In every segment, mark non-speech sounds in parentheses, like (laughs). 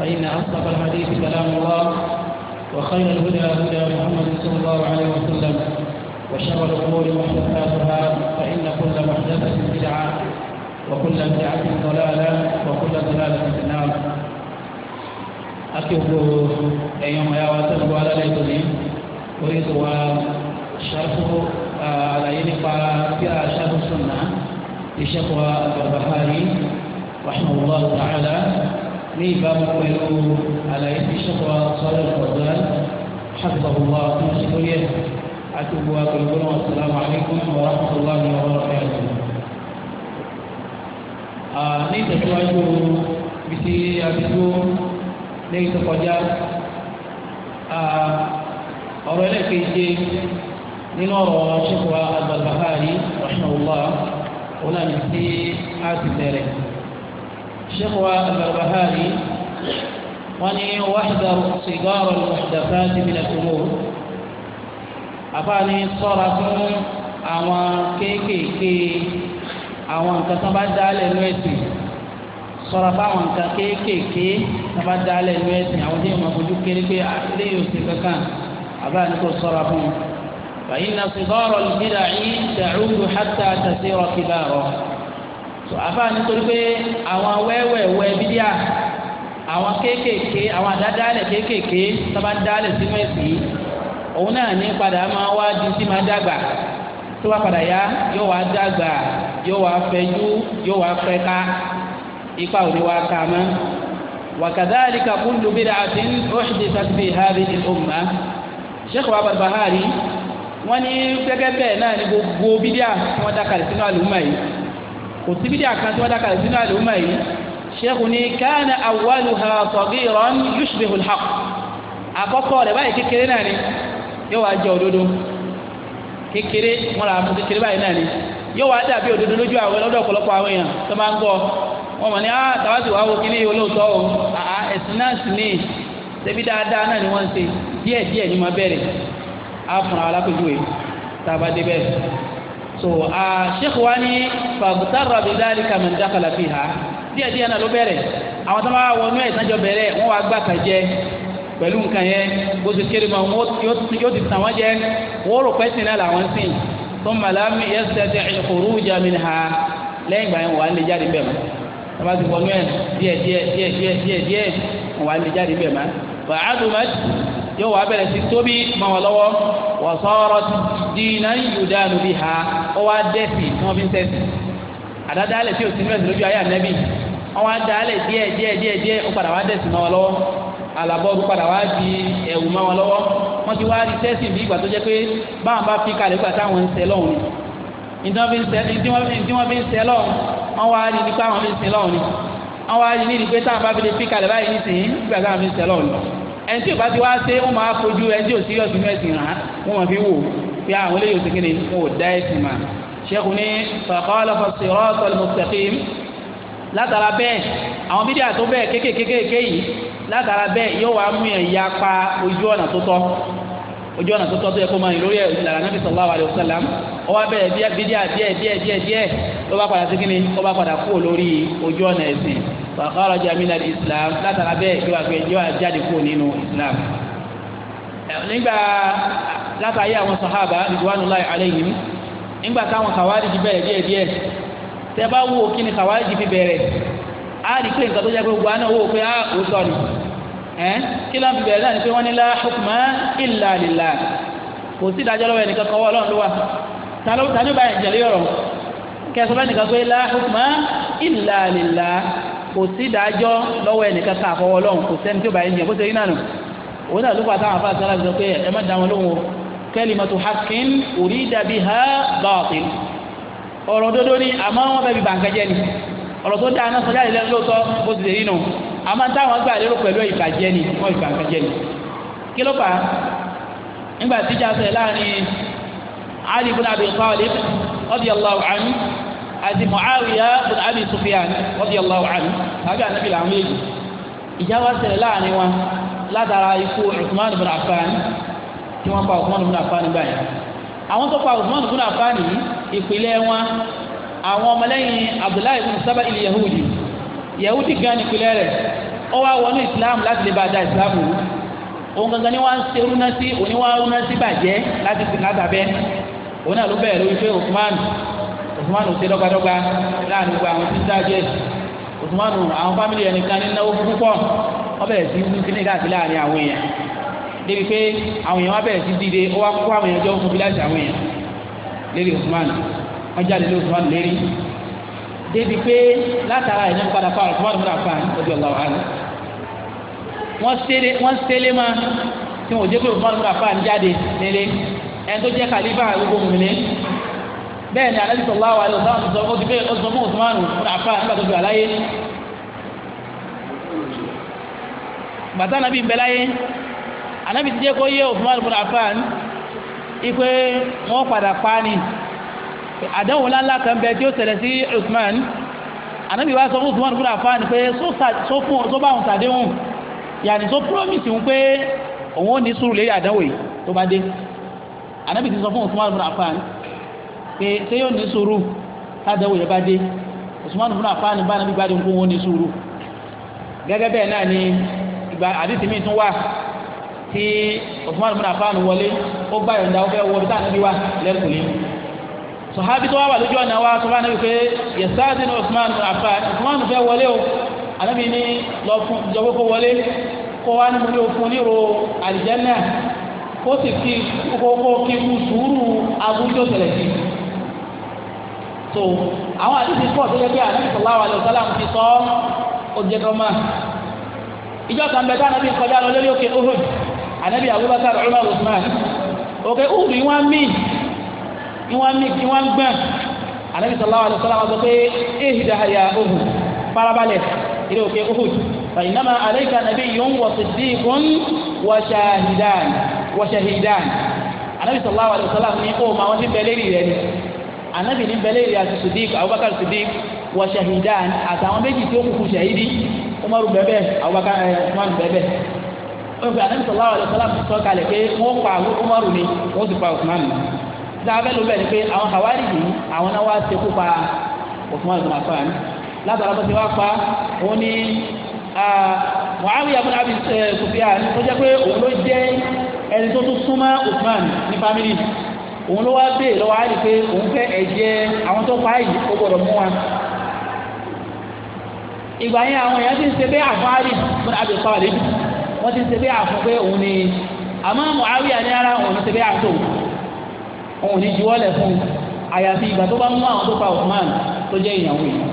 فإن أصدق الحديث كلام الله وخير الهدى هدى محمد صلى الله عليه وسلم وشر الأمور محدثاتها فإن كل محدثة بدعة وكل بدعة ضلالة وكل ضلالة في النار أكتب أيام يا واتب ولا ليتني أريد شرح على ينفع في أشرف السنة لشيخ البربهاري رحمه الله تعالى ní ìbámu pẹ̀lú àlàyé tí sọ́kọ̀ sọ́dọ̀ ọ̀gá ṣàkóso tó ń sọ́kọ̀ yẹ àti gbogbo àgbẹ̀wò náà sàlámù alaykum wa rahmatulahi wa barakatuh. ní ìtẹ̀síwájú bìtì àdúgbò ní ìtọ́kọjá ọ̀rọ̀ ẹlẹ́kẹ̀ẹ́jẹ nínú ọ̀rọ̀ ṣẹ́kọ̀ọ́ àgbàlbàhárì rahmatulahi ọ̀nà ní sí àtìbẹ̀rẹ̀. شيخ البربهاري واني احذر صدار المحدثات من الامور افاني صرف اما كيكي كي اما كتب دال الويتي صرف اما كيكي كي كتب دال الويتي اما دي ما بوجو كيكي اخلي كان افاني كو صرف فان صدار البدع تعود حتى تسير كباره so àfáà nítorí pé àwọn wẹ́wẹ̀wẹ́ bídíà àwọn kéékèèké àwọn àdádálẹ̀ kéékèèké sábà ń dálẹ̀ sínú ẹ̀sìn òun náà ní padà máa wá di sí máa dàgbà tó bá padà yá yóò wá dàgbà yóò wá fẹjú yóò wá fẹka ipa òní wá ká mọ́ وكذلك كل بدعة أحدثت في هذه الأمة Sheikh wa Barbahari wọ́n ní gẹ́gẹ́ bẹ́ẹ̀ náà ni gbogbo bídíà wọ́n dákàlẹ̀ sínú àlùmọ́ yìí kò sí bídíà kan tí wọ́n dákàlẹ̀ sínú àlùmọ́ yìí ṣẹ́kù ni káàna awwalu ha saghiran yushbihul haqq àkọ́kọ́ rẹ̀ báyìí kékeré náà ni yóò wá jẹ́ òdodo kékeré wọn là fún kékeré báyìí náà ni yóò wá dàbí òdodo lójú àwọn lọ́dọ̀ ọ̀pọ̀lọpọ̀ àwọn èèyàn tó máa ń gbọ́ wọn mọ̀ ní á ah, tàwa sì wá wo olóòótọ́ o àá ẹ̀sìn náà sì ní ṣebí dáadáa náà ni wọ́n ń ṣe díẹ̀ ni máa bẹ̀rẹ̀ á fún àwọn alákòjú yìí tá a bá dé so sheikh wa ni fagutara bidali kaman dakala fiha díẹ̀ díẹ̀ náà ló bẹ̀rẹ̀ àwọn tó máa wọnú ẹ sanjọ bẹ̀rẹ̀ wọn wá gbà kan jẹ pẹ̀lú nǹkan yẹn bó ti kéré ma wọn yóò ti tàn wọn jẹ wọn rò náà làwọn sìn tó màlámi yẹsẹ̀ ìkòrú jamin ha lẹ́yìn ìgbà yẹn wà lè jáde bẹ̀ mọ́ tọ́ba ti wọnú ẹ díẹ̀ díẹ̀ díẹ̀ díẹ̀ díẹ̀ díẹ̀ wà lè jáde bẹ̀ mọ́ wà á dùn mẹ́tì yóò wà á bẹ̀rẹ̀ tóbi mọ́ wọn lọ́wọ́ wà sọ́ọ́rọ́ dínà yùdánù bí ha ó wá dẹ́sì tí wọ́n fi ń tẹ́sì àdádálẹ̀ tí ò sí mẹ́sì lójú ayé ànẹ́bì wọ́n wá dálẹ̀ díẹ̀ díẹ̀ díẹ̀ díẹ̀ ó padà wá dẹ́sì mọ́ wọn lọ́wọ́ alabọ́ọ̀lù padà wá di ẹ̀wù mọ́ wọn lọ́wọ́ wọ́n ti wá rí tẹ́sì bí ìgbà tó jẹ́ pé báwọn bá fi kalẹ̀ gbà táwọn ń sẹ́ lọ́hùn ni ìdí wọ́n fi ń sẹ́ lọ́hùn wọ́n wá rí nípa àwọn fi ń sẹ́ lọ́hùn ni wọ́n wá rí nípa táwọn bá fi lè fi kalẹ̀ báyìí nísìnyí nígbà táwọn fi ń sẹ́ lọ́hùn pé àwọn eléyìí ti kíni wọn ò dá ẹ̀sìn mà ṣẹ́kù ní fàkọ́lọ́fọ̀ sirata al-mustaqim látara bẹ́ẹ̀ àwọn bídíà tó bẹ́ẹ̀ kékèkékèké yìí látara bẹ́ẹ̀ yóò wá mú yẹn ya pa ojú ọ̀nà tó tọ́ ojú ọ̀nà tó tọ́ tó yẹ kó máa yìn lórí ìlànà nàbì sallallahu alaihi wasallam ó wá bẹ̀rẹ̀ díẹ̀ bídíà díẹ̀ díẹ̀ díẹ̀ díẹ̀ ló bá padà sí kíni ó bá padà kúrò lórí ojú ọ̀nà ẹ̀sìn fa kharaja min al-islam látara bẹ́ẹ̀ yóò wá gbé jáde kúrò nínú islam nígbà látàyé àwọn sàhábà ridwanullahi alayhim nígbà táwọn kàwáríjì bẹ̀rẹ̀ díẹ̀ díẹ̀ tẹ́ bá wo kí ni kàwáríjì fi bẹ̀rẹ̀ á rí pé nǹkan tó jẹ́ pé gbogbo àná wò pé á ò sọ ni ẹ́ kí ló ń fi bẹ̀rẹ̀ náà ni pé wọ́n ní la hukma illa lillah kò sí ìdájọ́ lọ́wọ́ ẹnìkan kan wọ́ ọlọ́run ló wà tani tani bá yẹn jẹ̀lé ọ̀rọ̀ kẹsàn-án ẹnìkan pé la hukma illa lillah kò sí ìdájọ́ lọ́wọ́ ẹnìkan kan ọlọ́run kò sẹ́ni tó bá yẹn jẹ̀ bó ṣe rí náà nù òun náà ló fà táwọn afáà sálà sọ pé ẹ má dá wọn lóhùn o kalimatu haqqin urida biha baatil ọ̀rọ̀ dodo ni àmọ́ wọn fẹ́ fi bàǹkà jẹ́ ni ọ̀rọ̀ tó dáa náà sọjá ìlẹ́ lóòótọ́ bó ti lè rí nù àmọ́ táwọn gbà lérò pẹ̀lú ìbàjẹ́ ni wọ́n fi bàǹkà jẹ́ ni kí ló fà á nígbà tí ìjà ṣẹlẹ̀ láàrin Ali ibn Abi láàrin wọn látara ikú Uthman ibn Affan tí wọ́n pa Uthman ibn Affan báyìí àwọn tó pa Uthman ibn Affan yìí ìpìlẹ̀ wọn àwọn ọmọlẹ́yìn Abdullahi ibn Saba al-Yahudi Yahudi gan ìpìlẹ̀ rẹ̀ ó wá wọnú Islam láti lè bá da Islam wò òun gangan ni wọ́n ń ṣe rúná sí òní wọ́n rúná sí bàjẹ́ láti sìn látàbẹ́ òun náà ló bẹ̀rẹ̀ lórí pé Uthman Uthman ṣe dọ́gbadọ́gba láàrin gbogbo àwọn tí ń dájẹ́ Uthman àwọn fámìlì ẹnìkan ní náwó púpọ̀ wọ́n bẹ̀rẹ̀ sí wú kíní káàkiri láàrin àwọn èèyàn débi pé àwọn èèyàn wá bẹ̀rẹ̀ sí dìde ó wá kó àwọn èèyàn jọ fún bíláṣì àwọn èèyàn lérí Usman wọ́n jáde lé Usman lérí débi pé látara ìyẹn padà fa Usman múra fa ojú ọ̀la wàhálà wọ́n sẹ́lẹ̀ máa tí wọ́n jẹ́ pé Usman múra fa jáde nílé ẹni tó jẹ́ kàlífà gbogbo mùmìnì bẹ́ẹ̀ ni alẹ́ sọ̀lá wa lọ́sàn-án sọ bàtà nàbí ń bẹ láyé ànábì ti jẹ́ kó yé òfin máa lùbọ̀n àfàn ipe wọn padà pa á ni àdéhùn ńláńlá kan bẹ tí ó ṣẹlẹ̀ sí Usman ànábì wa sọ fún Usman lùbọ̀n àfàn pé sọ bá òun ṣàdéhùn yàní sọ promise òun pé òun ò ní sùúrù lérí àdéhùn yìí tó bá dé ànábì ti sọ fún Usman lùbọ̀n àfàn pé ṣé yóò ní sùúrù tádéhùn yẹn bá dé Usman lùbọ̀n àfàn bá ànábì bá dé wọn ní sùúrù gẹ́gẹ́ bẹ́ẹ̀ náà ni ìgbà àdìsí mi tún wà tí Usman ibn Affan wọlé ó gbà yọ̀ǹda ó fẹ́ wọ bí sáànàbí wà lẹ́kùnlé sọ̀hábí tó wà wà lójú ọ̀nà wa tó bá nàbí pé yẹ̀sáàdì ní Usman ibn Affan fẹ́ wọlé o ànábì ní lọ fún ìjọba kó wọlé kó wá ní múlẹ̀ òfin níro àlìjẹ́nà kó sì kí kókó kí kú sùúrù abúlé òṣèlè sí so àwọn àdìsí pọ̀ tó yẹ kí àdìsí sọ̀lá wà lọ́sọ́lá ti sọ ó jẹ́ ìjọ kan bẹ káànábì kọjá lọ lórí òkè Uhud ànábì Abubakar Umar Usman òkè Uhud ni wọ́n mí ni wọ́n mí ni wọ́n gbọ́n ànábì sallallahu alaihi wasallam sọ pé ihda ya Uhud farabalẹ̀ ilé òkè Uhud fainama alayka nabiyyun wa siddiqun wa shahidan wa shahidan ànábì sallallahu alaihi wasallam ní kó ma wọ́n ti bẹ̀lẹ́ rí rẹ̀ ni ànábì ní bẹ̀lẹ́ rí àti Siddiq Abubakar Siddiq wa shahidan àtàwọn méjì tí ó kúkú shahidi umaru bẹbẹ abubakar ẹ eh, umaru bẹbẹ ọfẹ anabi sallallahu alaihi wasallam sọ kalẹ̀ pé wọn pa àwọn umaru ni wọn sì pa usman ni dábẹ́ ló bẹ̀ ni pé àwọn hawari yìí àwọn náà wá ṣekú pa usman bin afan látara bó ti wá pa òun ni muawiya bin abi eh, sufyan ó jẹ́ pé òun ló jẹ́ ẹni tó tún súnmọ́ usman ní fámìlì òun ló wá bẹ́ẹ̀ lọ́wọ́ àyè pé òun fẹ́ ẹ̀jẹ̀ àwọn tó pa yìí ó gbọ́dọ̀ mú wa ìgbà yẹn àwọn èèyàn ti ń ṣe bẹ́ẹ̀ àfún Ali ibn Abi Talib wọ́n ti ń ṣe bẹ́ẹ̀ àfún pé òun ni àmọ́ Muawiya ní ara òun ṣe bẹ́ẹ̀ àtò òun ni juwọ́lẹ̀ fún àyàfi ìgbà tó bá mú àwọn tó pa Usman tó jẹ́ ìyàwó yìí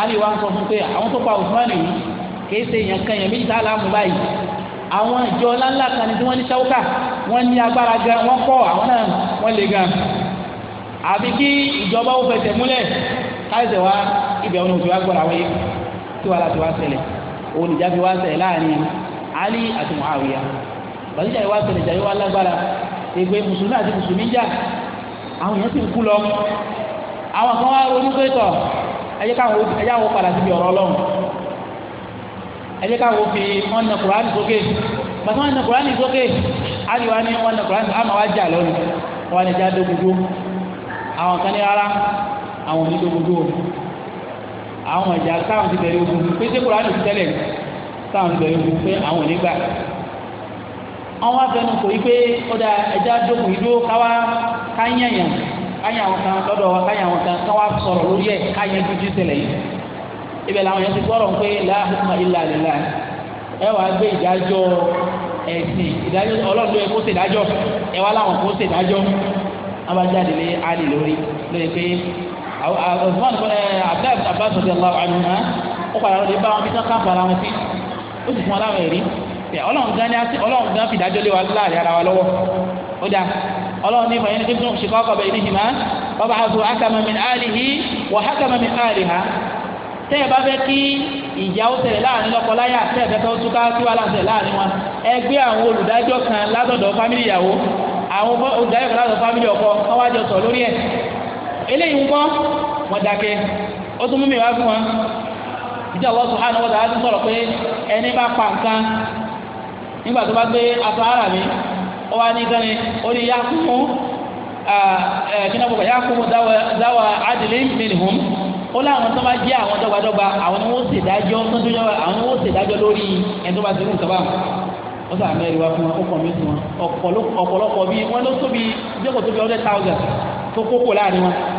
Ali wa ń sọ fún pé àwọn tó pa Usman yìí kì í ṣe èèyàn kan èèyàn méjì tá a báyìí àwọn ìjọ ńláńlá kan ni tí wọ́n ní sáwúkà wọ́n ní agbára gan wọ́n kọ́ àwọn náà wọ́n le gan àbí kí ìjọba ó fẹsẹ̀ múlẹ̀ káyọ̀sẹ̀ wa ibẹ̀ wọn ti wá gbọ́ra wáyé tí wàhálà ti wá ṣẹlẹ̀ òun ìjà fi wá ṣẹlẹ̀ láàrin Ali àti Muawiya bàtíjà yìí wá ṣẹlẹ̀ jà yìí wá lágbára ègbè mùsùlùmí àti mùsùlùmí jà àwọn èèyàn sì ń kú lọ àwọn kan wá ronú pé tọ̀ ẹyẹ káwọn ẹyẹ àwọn padà síbi ọ̀rọ̀ Ọlọ́run ẹyẹ káwọn fi wọn na Kùránì sókè bàtí wọn na Kùránì sókè Ali wa ni wọn na Kùránì àmà wá jà lọ́nu wọn ni já dógúdú àwọn kan ní rárá àwọn onídógógó àwọn ìjà táwọn ti tẹ̀lé ogun pé ṣé kúrò àdùn tẹ́lẹ̀ táwọn ti tẹ̀lé ogun pé àwọn ò ní gbà àwọn afẹnu kò yí pé ọ̀dà ẹja dókun yìí dúró káwá káyẹ̀yàn káyẹ̀ àwọn kan lọ́dọ̀ wa káyẹ̀ àwọn kan káwá sọ̀rọ̀ lórí ẹ̀ káyẹ̀ dúdú tẹ̀lẹ̀ yìí ibẹ̀ làwọn yẹn ti gbọ́rọ̀ pé la hukma illa lillah ẹ wàá gbé ìdájọ́ ẹ̀sìn ìdájọ́ ọlọ́dún ẹ kó ṣe ìdájọ́ ẹ wá láwọn kó ṣe ìdájọ́ abájáde lé alì lórí lórí pé Usman eh, abdul abbas ọdí aláwọ àmì hàn ó padà lọ lè bá wọn bí sáká fara wọn sí ó sì fún aláwọ ẹrí Ọlọ́run gan ni Ọlọ́run gan fìdájọ́ lé wa láàrin ara wa lọ́wọ́ ó dáa Ọlọ́run ní ìfọyín ní kíkún ṣìkọkọ bẹ́ẹ̀ ní ìhìmá bàbá àgọ hakama min alihi wà hakama min aliha tẹ́ ẹ bá fẹ́ kí ìjà ó ṣẹlẹ̀ láàrin lọ́kọláya tẹ́ ẹ fẹ́ kí ó túká kí wàhálà ṣẹlẹ̀ láàrin wọn ẹ gbé àwọn olùdájọ́ kan látọ̀dọ̀ fámìlì ìyàwó àwọn olùdájọ́ kan látọ̀dọ̀ fámìlì ọkọ wọn wá jọ sọ lórí ẹ̀ eléyìí ń gbọ́ wọ́n dákẹ́ ó tún mú mi wá fún wọn ìdí Allah subhanahu ti sọ̀rọ̀ pé ẹni bá pa nǹkan nígbà tó bá gbé aṣọ ara mi ó wá ní gánni ó ní yá kún fún kí náà bọ̀ yá kún fún dáwà ó láwọn tó bá jẹ́ àwọn dọ́gbadọ́gba àwọn ni wọ́n sì dájọ́ tó dúró àwọn ni wọ́n sì dájọ́ lórí ẹni tó bá ti wọn ó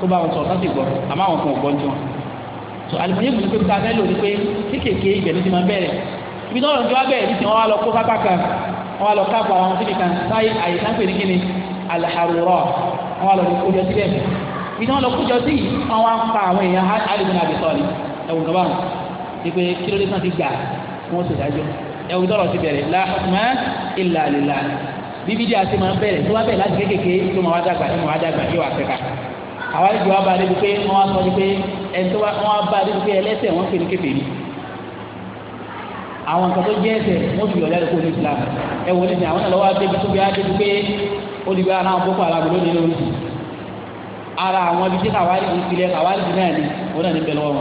tó bá wọn sọ ọ̀tá sì gbọ́ àmọ́ àwọn kan ò gbọ́ ní wọn. tó alùpùpù yìí kò ní pé ká fẹ́ lò ní pé ní kéèké ibẹ̀ ló ti máa bẹ̀rẹ̀ ibi náà lọ́nà tí wọ́n bẹ̀rẹ̀ nítorí wọ́n wá lọ kó sápá kan wọ́n wá lọ káàbọ̀ àwọn síbi kan sáyé àyè sáńpẹ̀ ní kíni alàhàrùrọ̀ wọ́n wá lọ kó jọ síbẹ̀ ibi náà lọ kó jọ sí wọ́n wá ń pa àwọn èèyàn alìbùn àbẹ̀sọ̀lì ẹ̀wùn kan báwọn ní pé kí ló dé sàn ti gbà wọ́n sì dájọ́ ẹ̀wùn tọ̀rọ̀ ti bẹ̀rẹ̀ la hukma illa lillah bíbí díà ti máa àwa ìjọ wa bá a débi pé wọ́n wá sọ ni pé ẹni tó wọ́n wá bá a débi pé ẹlẹ́sẹ̀ wọ́n pè ní kèfèrí àwọn nǹkan tó jẹ́ ẹsẹ̀ wọ́n fi ọ̀lẹ́ àdúgbò ní Islam ẹ wọlé ní àwọn ìlọ́wọ́ débi tó bí a débi pé olùgbé ara wọn boko haram lónìí lórí ara àwọn ibi tí kàwárí ti filẹ̀ kàwárí ti náà ni wọ́n náà ní bẹ̀rẹ̀ wọn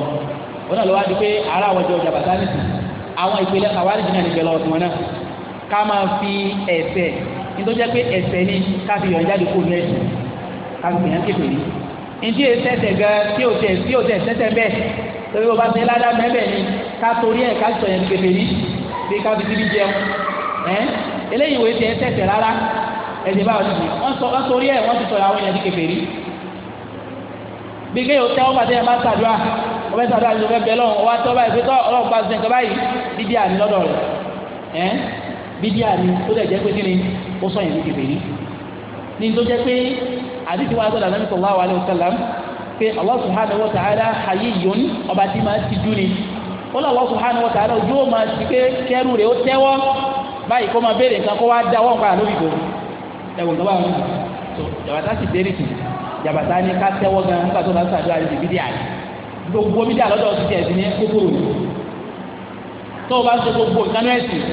wọ́n náà lọ́wọ́ di pé ara àwọn ìjọ ọjà bàtà nìsí àwọn ìpìlẹ̀ kàwárí ti náà ní bẹ̀rẹ̀ wọn náà ká máa fi ẹ̀sẹ̀ nítorí pé ẹ̀sẹ̀ ni ká fi yọ̀ǹjáde kó ní ẹ̀sìn ká fi yàn kékeré ntí yẹ sẹsẹ gan tí o tẹ tí o tẹ sẹsẹ bẹ torí o bá tẹ ládàá mẹbẹ ni ká torí ẹ ká sọ yẹn kébé ní bí ká fi bíbí jẹun ẹ eléyìí wo tẹ sẹsẹ rárá ẹsẹ báwo ti di wọn sọ wọn torí ẹ wọn ti sọ àwọn yẹn ti kébé ní bí kéèyàn tẹ wọn bá tẹ ẹ má ṣàdúrà wọn bẹ ṣàdúrà ló fẹ bẹ lọ wọn wá tọ báyìí pé tọ Ọlọ́run bá ṣe nǹkan báyìí bíbí àní lọ́dọ̀ rẹ ẹ bíbí àní tó dẹ jẹ pé kí ni ó sọ yẹn ti kébé ní ní tó jẹ́ pé àdìsí wa sọ̀rọ̀ ànábì sallallahu alaihi wasallam pé Allah subhanahu wa ta'ala hayyun ọba tí máa ti dúni ó lọ Allah subhanahu wa ta'ala ojú ó máa ti pé kẹrù rẹ̀ ó tẹ́wọ́ báyìí kó máa béèrè nǹkan kó wá dá wọ́n padà lórí ìbòrò ẹ̀wọ̀n tó bá wọn tó jàbàtà sì dé rìkì jàbàtà ni ká tẹ́wọ́ gan nígbà tó bá sàdúrà rẹ̀ bíbí díà gbogbo bíbí àlọ́dọ̀ ti tẹ̀ sí ní kókòrò tó o bá ń ṣe gbogbo nínú ẹ̀sìn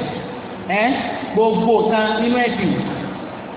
ẹ́ gbogbo nínú ẹ̀sìn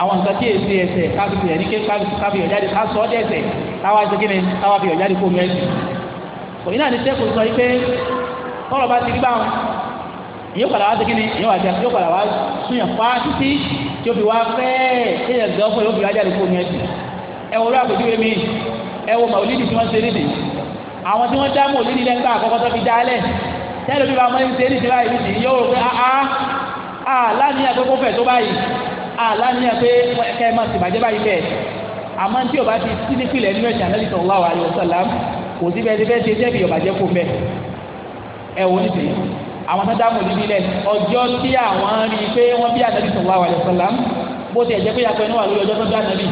àwọn nǹkan tí èsì ẹsẹ̀ káfíìsì rẹ̀ ní ké káfíìsì ọ̀jáde kásọ̀ ọ́ dẹ̀sẹ̀ táwa ẹsẹ̀ kí ni táwa fi ọ̀jáde kó mẹ́sì. òyìn náà ní sẹ́kù sọ pé tọ́lọ̀ bá ti rí báwọn ìyóò padà wá sí kí ni ìyóò wá jẹ́ yóò padà wá súnyàn fá títí tí ó fi wá fẹ́ẹ̀ tí ìyẹn gbọ́ fún yóò fi wá jáde kó mẹ́sì. ẹ wo orí àpèjúwe mi ẹ wo màlúùdì tí wọ́n ṣe nídìí àwọn tí wọ́n dá màlúùdì lẹ́ńgbà àkọ́kọ́ tó fi dálẹ̀ tẹ́lẹ̀ bí wọ́n máa ń ṣe nídìí báyìí yóò rò pé áá áá láàánú àgbẹ̀kọ́fẹ̀ tó báyìí àlàníyàn pé ẹ̀ka ẹ̀ máa ti bàjẹ́ báyìí bẹ́ẹ̀ àmọ́ tí o bá ti sí nípìnlẹ̀ nínú ẹ̀sìn Ànábì sallallahu alaihi wasallam kò sí bẹ́ẹ̀ ti fẹ́ẹ́ ṣe jẹ́bi ọ̀bàjẹ́ kó bẹ́ẹ̀ ẹ̀ wò ní sèé àwọn tó dáàbò níbi ilẹ̀ ọjọ́ tí àwọn rí i pé wọ́n bí Ànábì sallallahu alaihi wasallam bó ti ẹ̀jẹ̀ pé yàtọ̀ inú wà lórí ọjọ́ tó bí Ànábì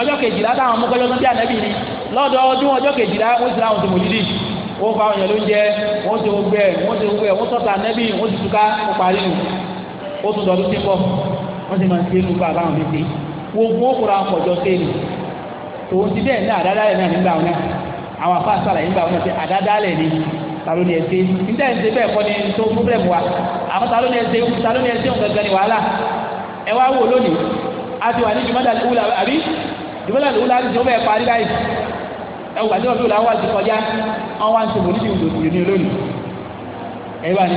ọjọ́ kejìlá táwọn mú kọjọ́ tó bí Ànábì ni lọ́dọọdún ọjọ́ kejìlá wọ́n ti láwọn tó mọ̀ nídìí wọ́n fa àwọn èèyàn ló ń jẹ́ wọ́n ti gbogbo ẹ̀ wọ́n ti gbogbo ẹ̀ wọ́n tọ́ta Ànábì wọ́n ti túká ó parí nù ó tún dọ̀dún sí pọ̀ wọ́n sì máa ń ṣe irú bá àbáwọn méje gbogbo òkúra ọkọ̀jọ́ sẹ́ni tòun ti bẹ́ẹ̀ ní àdádálẹ̀ náà nígbà wọn náà àwọn afá sàlàyé nígbà wọn náà ti àdádálẹ̀ ni tàló ni ẹsẹ níta ẹsẹ bẹ́ẹ̀ kọ́ ni tó pọblẹmù wa àmọ́ tàló ni ẹsẹ tàló ni ẹsẹ òǹgàgà ni wàhálà ẹ wá wò lónìí a ti wà ní jùmọ̀dà lùwúlà àbí jùmọ̀dà lùwúlà ti tó bẹ́ẹ̀ parí báyìí ẹ wò àti lùwúlà wà ti kọjá wọn wá ń sọ mòlídìí òdò tìrì ní olónìí ẹ wà ní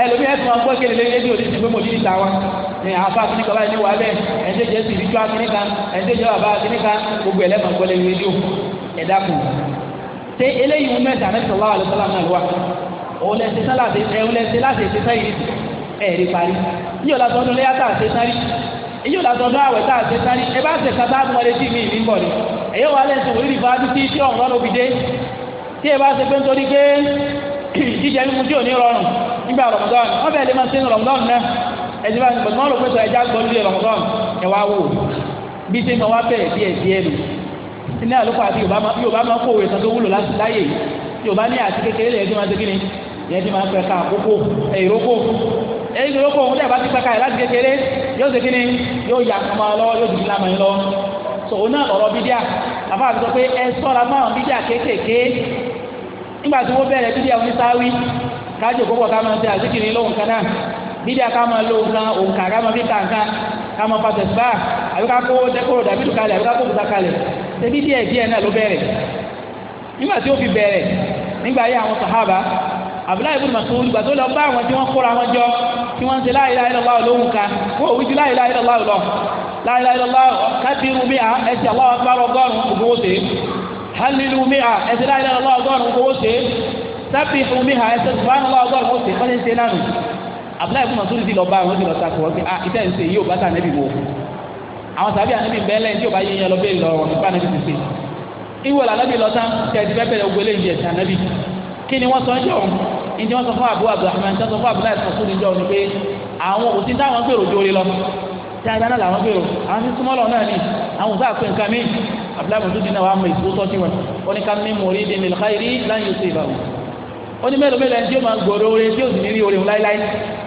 ẹ lómi ẹ tún wọn gbọ́ kéde lé ní afa kìnnìkà báyìí ní wàá bẹ́ẹ̀ ẹ̀ńdé jẹ́ spiritual akínníkà ẹ̀ńdé jẹ́ bàbá akínníkà gbogbo ẹlẹ́mọ̀ gbọ́lẹ̀ rédíò ẹ̀dá kù. ṣé eléyìí mẹ́ta ní sọ̀lá wà lọ́sọ̀lá náà wà òun lẹ́sẹ̀ láti ṣe sẹ́yìn ẹ̀rí parí yíyọ̀ lásán ọdún léyà tá a ṣe sáré yíyọ̀ lásán ọdún àwẹ̀ tá a ṣe sáré ẹ bá ṣe kàtà àtúmọ̀ létí mi ni (clears throat) ẹni bá gbọ́dọ̀ wọn lò pé sọ ẹja gbọ́dọ̀ lé rọmọdọ́n ẹ wá wò bí ṣe máa wá bẹ̀rẹ̀ díẹ̀ díẹ̀ nù iná àlùkò àti yorùbá máa kó òwe kan tó wúlò láyè yorùbá ní àti kékeré lè ẹni máa ṣe kíni ẹni máa pẹ ká àkókò ìrókò ẹni ìrókò òun dẹ̀ bá ti pẹ ká ẹ láti kékeré yóò ṣe kíni yóò yà kọ́mọ lọ́wọ́ yóò dìbò lámà yín lọ sọ òun náà ọ̀rọ̀ bídíà àfa àti sọ pé ẹ sọ́ra máa bídíà kéékèèké nígbà tí wọ́n bẹ̀rẹ̀ bídíà oníṣáwí kájò kókò ká máa ṣe àzíkiri lóhùn kan náà bídíà ká máa lo nǹkan òǹkà ká máa fi ka nǹkan ká máa pàtẹ síbá àbí ká kó dẹkọrọ dàbí kalẹ̀ àbí ká kó òkúta kalẹ̀ ṣebí díẹ̀ díẹ̀ náà ló bẹ̀rẹ̀ nígbà tí ó fi bẹ̀rẹ̀ nígbà yẹ àwọn sàhábà Abdullahi ibn Mas'ud gbàtó lọ bá àwọn tí wọn kóra wọn jọ tí wọn ń ṣe la ilaha illallah lóhùn ká wọn ò wí ju la ilaha illallah lọ la ilaha illallah kábírù bí a ẹsẹ Allahu akbar ọgọ́rùn gbogbo ṣe halilu bí a ẹsẹ la ilaha illallah ọgọ́rùn gbogbo ṣe sábìhù bí a ẹsẹ subhanallah ọgọ́rùn gbogbo ṣe wọn ń ṣe náà nù abdullahi ibn mas'ud ti lọ bá wọn ti lọ takò wọn pé ah ìtẹ́ ń ṣe yìí ò bá tà nẹ́bí wò àwọn sàbí ànábì bẹ́ẹ̀lẹ̀ tí ò bá yẹn lọ bẹ́ẹ̀ lọ wọn nípa ànábì ti ṣe ìwọ lànábì lọ tán tẹ̀sí bẹ́ẹ̀ bẹ̀rẹ̀ ògbélé ìjẹ sànábì kí ni wọ́n sọ jọ ní tí wọ́n sọ fún àbú abdulrahman sọ fún abdullahi mas'ud jọ ni pé àwọn òsì táwọn gbèrò jóore lọ tí a dáná làwọn gbèrò àwọn ti súnmọ́ lọ náà ni àwọn òsà pé nǹkan mi abdullahi mas'ud náà wàá mọ ìṣòwò tọ́sí wọn ó ní ká mi mọ̀ orí ìdí mi lọ́kàyè láyé oṣù ìbàwọ̀ ó ní mélòó mélòó ẹni tí ó máa gbòòrò oore tí ó sì ní rí oore láéláé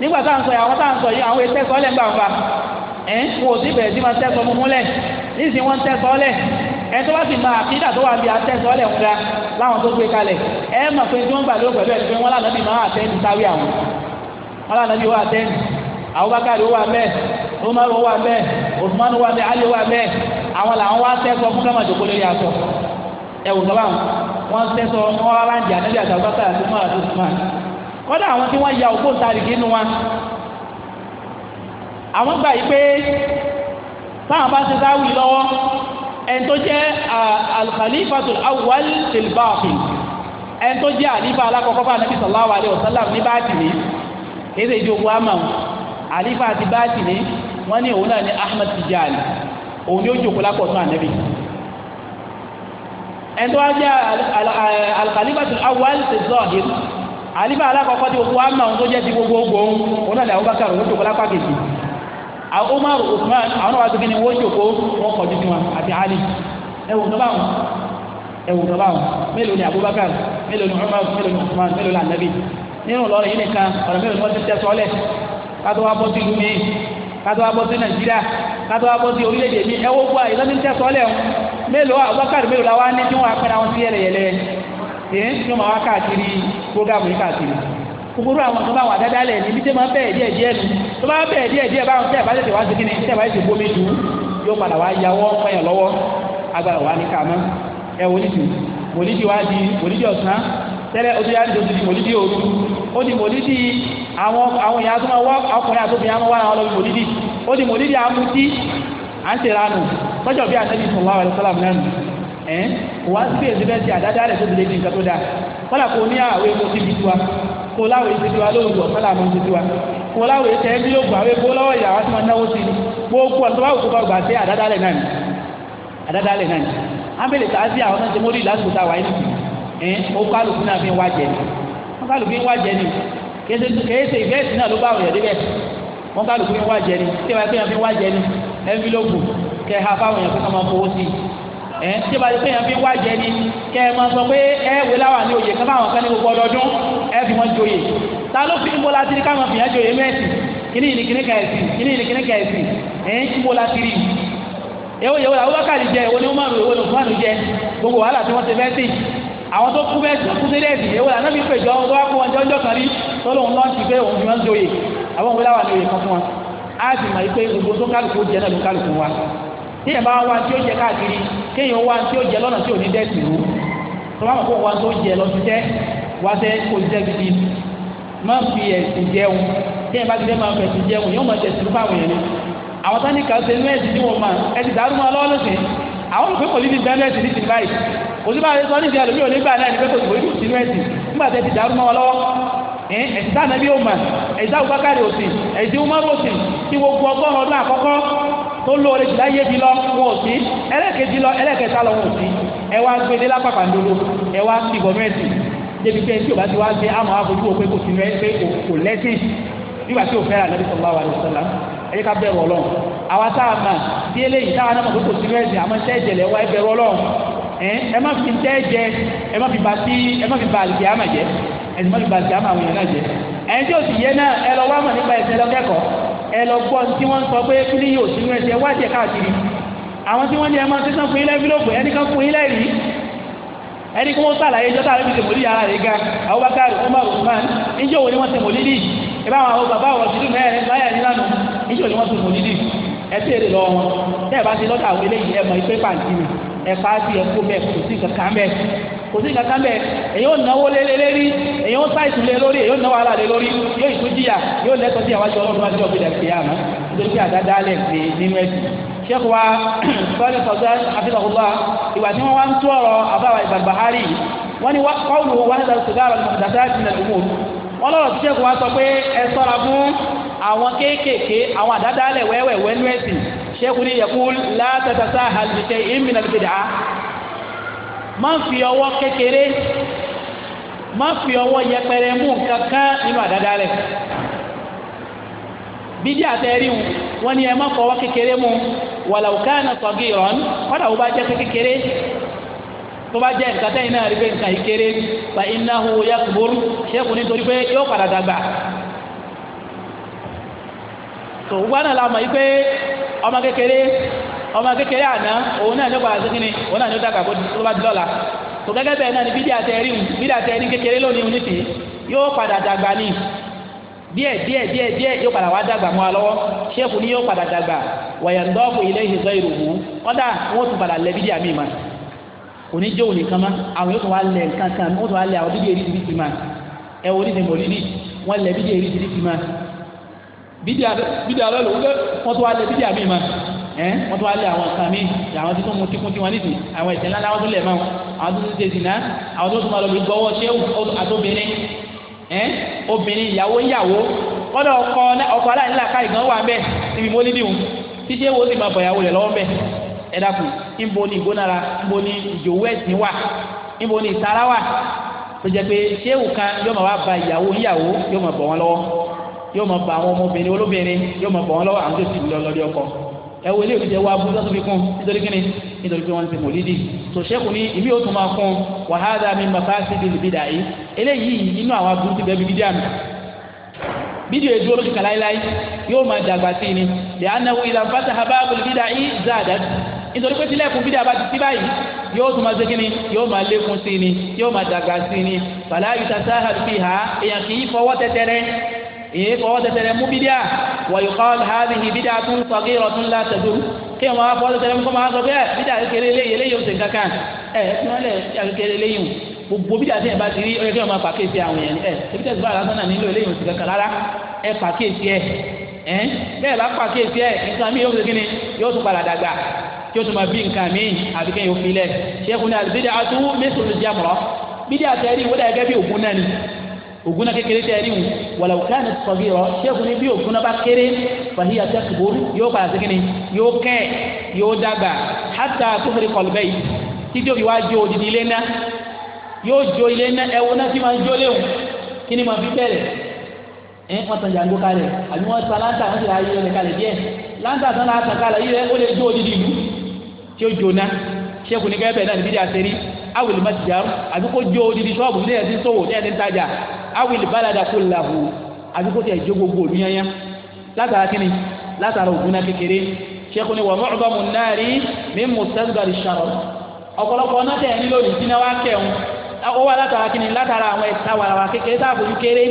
nígbà tá à ń sọ yìí àwọn tá à ń sọ yìí àwọn ètẹ́sọ́ lẹ̀ ń gbà ń fa ẹ̀ wọn ò sí bẹ̀rẹ̀ sí máa tẹ́sọ́ mú múlẹ̀ níìsín wọ́n ń tẹ́sọ́ ẹ̀ tó bá sì máa àkídà tó wà bí atẹ́sọ́ lẹ̀ ń ga láwọn tó gbé kalẹ̀ ẹ̀ mọ̀ pé tí wọ́n gbà ló pẹ̀lú ẹ̀ pé wọ́n lànà bí máa wà bẹ́ẹ̀ kọ́dà àwọn tí wọ́n ya ògbóǹtarìgì nínú wa àwọn gbà yí pé táwọn bá ṣe sáwì lọ́wọ́ ẹni tó jẹ́ al-khalifatul awwal fil batin ẹni tó jẹ́ àlífà alákọ̀ọ́kọ́ fún anabi sallallahu alayhi wa sallam ní báàtì ní kéde ìjọba àmà àlífà àti báàtì ní wọ́n ní òun náà ní Ahmad Tijani òun ni ó jòkó lápọ̀tún ànábì ẹni tó wá jẹ́ al awwal fil zahir àlífà alákọ̀ọ́kọ́ tí gbogbo àmà òun tó jẹ́ ti gbogbogbò òun òun náà Abubakar òun jòkó lápá kejì àwọn Umar Usman àwọn náà wà tó kí ni wọ́n jòkó wọ́n kọjú sí wọn àti Ali ẹ̀wùn tó mélòó ni Abubakar mélòó ni Umar mélòó ni Usman mélòó ni Ànábì nínú lọ́rọ̀ yìí nìkan ọ̀rọ̀ mélòó ni wọ́n ti tẹ́ sọ́lẹ̀ kátó wá bọ́ sí ìlú mi kátó wá bọ́ sí Nàìjíríà kátó wá bọ́ sí orílẹ̀-èdè mi ẹ̀wọ́ gbọ́ àyè lọ́ni tẹ́ la wá ní tí wọ́n á pẹ́ra ẹ̀ ní ọmọ wa káàkiri program yìí káàkiri gbogbo àwọn tó bá wà dáadáa lẹ̀ níbi tí máa bẹ̀ẹ̀ díẹ̀ díẹ̀ nù tó bá bẹ̀ẹ̀ díẹ̀ díẹ̀ báwọn tẹ̀ bá tètè wá sí kíni tẹ̀ bá tètè bómi dùn yóò padà wá yàwọ́ pẹ̀yàn lọ́wọ́ agbára wà ní kàmá ẹ wòlídìí wòlídìí wá di wòlídìí ọ̀sán tẹ́lẹ̀ ojú yára tó ti di wòlídìí òru ó di wòlídìí àwọn àwọn èèyàn tó máa ọkùnrin àti obìnrin àwọn wà láwọn lọ́wọ́ wòlídìí ó di wòlídìí amutí à ń tèrànù tọ́jọ́ bí àtẹ́bí sọ̀rọ̀ àwọn ẹ̀rọ ẹ̀ wá sí èsì bẹ́ẹ̀ ti àdáda rẹ̀ tó ti lè di nǹkan tó dáa kọ́lá kò ní àwọn èkó ti di tiwa kò láwọn èsì tiwa lóògùn ọ̀kọ́lá àmọ́ ti tiwa kò láwọn èsì ẹ̀ ń lóògùn àwọn èkó lọ́wọ́ ìyàwó tí wọ́n náwó sí ni gbogbo ọ̀tọ́ bá òkú bá gbà sí àdáda rẹ̀ náà ni àdáda rẹ̀ náà ni ábẹ́lẹ̀ tá a sí àwọn náà ti mórí lásìkò tá a wà ní ẹ̀ ó kálukú náà fi ń wájẹ ni ó kálukú ń wájẹ ni kèése ìbẹ́ẹ̀sì náà ló bá àwọn èèyàn wọn kálukú ń wájẹ ni tí wọ́n fi ń wájẹ kẹ ẹ̀ tí o bá ti sẹ́yìn fi wá jẹ ni kẹ́ ẹ máa sọ pé ẹ wé láwà ní oyè káfá àwọn kan ní gbogbo ọdọọdún ẹ fi wọn joyè ta ló fi níbo láti rí káwọn fìyàn joyè mẹ́ẹ̀sì kíní ìní kíní kẹ̀sì kíní ìní kíní kẹ̀sì ẹ̀ níbo láti rí èwo yẹwo Abubakar jẹ èwo ni Umaru èwo ni Usman jẹ gbogbo wàhálà tí wọ́n ti fẹ́ sìn àwọn tó kú bẹ́ẹ̀ tó kú sílẹ̀ ẹ̀sìn èwo làná mi pèjọ tó wá kó wọn jọjọ kan rí tó lóun lọ́ọ̀tì pé òun fi wọn joyè àwọn òun láwà ní oyè kan fún wọn á sì mọ̀ pé gbogbo tó kálukú jẹ náà ló kálukú wa tí yẹn bá wá tí ó jẹ káàkiri kéèyàn wá tí ó jẹ lọ́nà tí ò ní dẹ́sì rú tó bá mọ̀ kó wá tó jẹ lọ́sítẹ́ wá tẹ́ kó jẹ́ gidi má fi ẹ̀sìn jẹun tí yẹn bá ti dẹ́ máa fẹ̀sìn jẹun yóò máa tẹ̀sí fáwọn yẹn ni àwọn tani kan ṣe inú ẹ̀sìn tí wọ́n máa ẹ̀sìn dàrú máa lọ́wọ́ lóṣè àwọn olùkọ́ kò ní ti bẹ́ẹ̀ ẹ̀sìn ní ti báyìí kò sí báyìí sọ ní ìdí àlùmí òní gbà náà ní pé kò sí ìlú sínú ẹ̀sìn nígbà tẹ́ ti dàrú máa lọ́wọ́ tó lóore jù láyé bí lọ wọn ò sí ẹlẹ́kẹ̀ẹ́jì lọ ẹlẹ́kẹ̀ẹ́ta lọ wọn ò sí ẹ wá gbé dé lápapà ńdodo ẹ wá fi bọ̀ mẹ́sì débi pé tí o bá ti wá gbé àmọ́ àfojú òpé kò sí pé kò lẹ́sìn nígbà tí o fẹ́ ànábì sallallahu alaihi wasallam ẹ jẹ́ ká bẹ̀rù ọlọ́run àwa tá a mà bí eléyìí táwa náà mọ̀ pé kò sí mẹ́sìn àmọ́ tẹ́ ẹ̀jẹ̀ lẹ́ wá ẹ bẹ̀rù ọlọ́run ẹ má fi ẹ lọ gbọ́ tí wọ́n ń sọ pé kílí yóò sínú ẹ̀sẹ̀ wájú ẹ̀ káàkiri àwọn tí wọ́n ní ẹ máa tẹ́sán fún ilé fílòpù ẹnìkan fún ilé rí ẹni wọ́n sàlàyé jọ́tà rẹ̀ fi ṣe mòlídìí ara rẹ̀ ga Abubakar Umar Usman níjọ́ kò sí kankan bẹ́ẹ̀ èyàn ò náwó lélẹ́rí èyàn ò sáìsì lé lórí èyàn ò náwó ara lé lórí yóò ìtú jìyà yóò lẹ́tọ̀ọ́ sí àwájú ọlọ́run bá jẹ́ òbí rẹ̀ kéèyàn mọ́ nítorí pé àdáda alẹ́ ti nínú ẹ̀sìn sẹ́kù wa sọ́ọ́lẹ̀ sọ̀tẹ́ àfihàkùnlá ìgbà tí wọ́n wá ń tó ọ̀rọ̀ àbáwá ìbàbàhárì wọ́n ni kọ́ọ̀lù wọn dàrú sìgáàrà dàtà ìpínlẹ̀ ìmọ̀ wọ́n lọ́rọ̀ tí sẹ́kù wa sọ pé ni yẹ̀kú látàtàtà àlùfẹ́ ìmìnà bìdà má fi ọwọ́ kékeré má fi ọwọ́ yẹpẹrẹ mú kankan nínú àdáda rẹ̀ bídí àtẹ̀rí wọn ni ẹ má fọwọ́ kékeré mú walau kana sagiran kọ́dà ó bá jẹ́ kékeré tó bá jẹ́ nǹkan tẹ́yìn náà rí pé nǹkan yìí kéré fa innahu yakbur ṣẹ́kù nítorí pé yóò padà dàgbà tó gbọ́dọ̀ la mọ̀ yìí pé ọmọ kékeré ọmọ kékeré àná òun náà ló padà sí kínní òun náà ló dàgbà tó bá dọ́là tó gẹ́gẹ́ bẹ́ẹ̀ náà ni bídíà tẹ́rí bídíà tẹ́rí kékeré lónìí òun nìsí yóò padà dàgbà ní díẹ̀ díẹ̀ díẹ̀ díẹ̀ yóò padà wá dàgbà mọ́ wa lọ́wọ́ ni yóò padà dàgbà wàyàndọ́ọ̀kù ilé ìṣèṣọ́ ìrògbò kọ́dà wọ́n tún padà lẹ bídíà míì ma kò ní jẹ́ òní kan ma àwọn yóò tún wá lẹ nǹkan kan wọ́n tún wá lẹ àwọn bídíà wo oníṣẹ́ mọ̀lídì tún wá lẹ bídíà míì ma ẹ wọ́n tó wá lé àwọn nǹkan mi àwọn tó tó mu tíkún tí wọ́n nìsín àwọn ìṣẹ̀ ńlá láwọn tó lẹ̀ mọ́ àwọn tó tó ṣe zìnà àwọn tó tó máa lọ bí gbọ́wọ́ ṣé àtòbìnrin ẹ obìnrin ìyàwó ìyàwó kọ́dọ̀ ọkọ ọkọ aláìníla ká ìgbọ́n wà bẹ́ẹ̀ níbi mo nídìí tí ṣé wo sì máa bọ̀ ìyàwó rẹ̀ lọ́wọ́ bẹ́ẹ̀ ẹ dákun níbo ni ìgbónára níbo ni ìjòwó ẹ̀sìn wà níbo ni ìtara wà tó jẹ́ pé ṣéwù kan yóò máa wá ba ìyàwó ẹwọ ilé ìjẹ wa fún sọ́tún fi kún nítorí kíni nítorí pé wọ́n ti mòlídì tó ṣẹ́kù ní ìbí ó tún máa kún wàhálà mi màkà sí ti lè bídà yìí eléyìí inú àwọn aburú ti bẹ́ẹ̀ bí bídíà mi bídíò èdè olóṣù kàláíláí yóò máa dàgbà sí ni lè anáwó ìlà fata habaabu bídà yìí záàdá nítorí pé tilẹ̀kùn bídà bá ti sí báyìí yóò tún máa ṣe kíni yóò máa lékún sí ni yóò máa dàgbà sí ni fàlàyé tasáhà fi hà èyí fọwọ́ tẹtẹrẹ mú bídíà wàyí kọ́ hábìhì bídíà tún sọ̀gí ìrọ̀tún látẹ̀dú kí wọn máa fọwọ́ tẹtẹrẹ mú kọ́ máa sọ pé bídíà kékeré léyìn eléyìí oṣù kankan ẹ ẹ fún wọn lẹ bídíà kékeré léyìn gbogbo bídíà tẹ̀ bá ti rí ọyọ kí wọn máa pàkíyèsí àwọn èèyàn ẹ ebi tẹ̀sí bá lásán náà nílò eléyìí oṣù kankan rárá ẹ pàkíyèsí ẹ ẹ bẹ́ẹ̀ bá pàkíyèsí ẹ nǹkan mi bídíà tẹ́rí wọ́n dà bí ògùn náà ni ògúnná kékeré tẹ́ rí wù wàlàwù káàní sọ̀bí rọ ṣẹ́gun ní bí ògúnná bá kéré fàhíyà tẹ́kùbù yóò padà sí kíni yóò kẹ́ yóò dàgbà hátà tó fẹ́rẹ̀ kọ̀lùbẹ́ yìí títí òbí wá jó odidi ilé ná yóò jó ilé ná ẹwọ náà ti máa jó léwu kí ni màá fi bẹ̀rẹ̀ ẹ wọ́n tan jàǹdó kalẹ̀ àbí wọ́n tan láńtà wọ́n ti ra ayé rẹ̀ kalẹ̀ díẹ̀ láńtà tán láta kalẹ̀ yìí rẹ̀ ó lè jó odidi ìlú tí ó jóná ṣẹ́gun ní gẹ́gẹ́ bẹ́ẹ̀ náà níbi awil balada kullahu àbí kó tiẹ̀ jó gbogbo òlu yányá látara kínní látara ògúnná kékeré sẹ́kù ni wọ́n mọ̀ọ́bá mu náírì mi mú sẹ́sùgàrì sàrọ̀ ọ̀pọ̀lọpọ̀ náà tẹ̀ ní lónìí tí náà wá kẹ̀hún ó wà látara kínní látara àwọn ẹ̀ta wàràwà kékeré táàbùrú kéré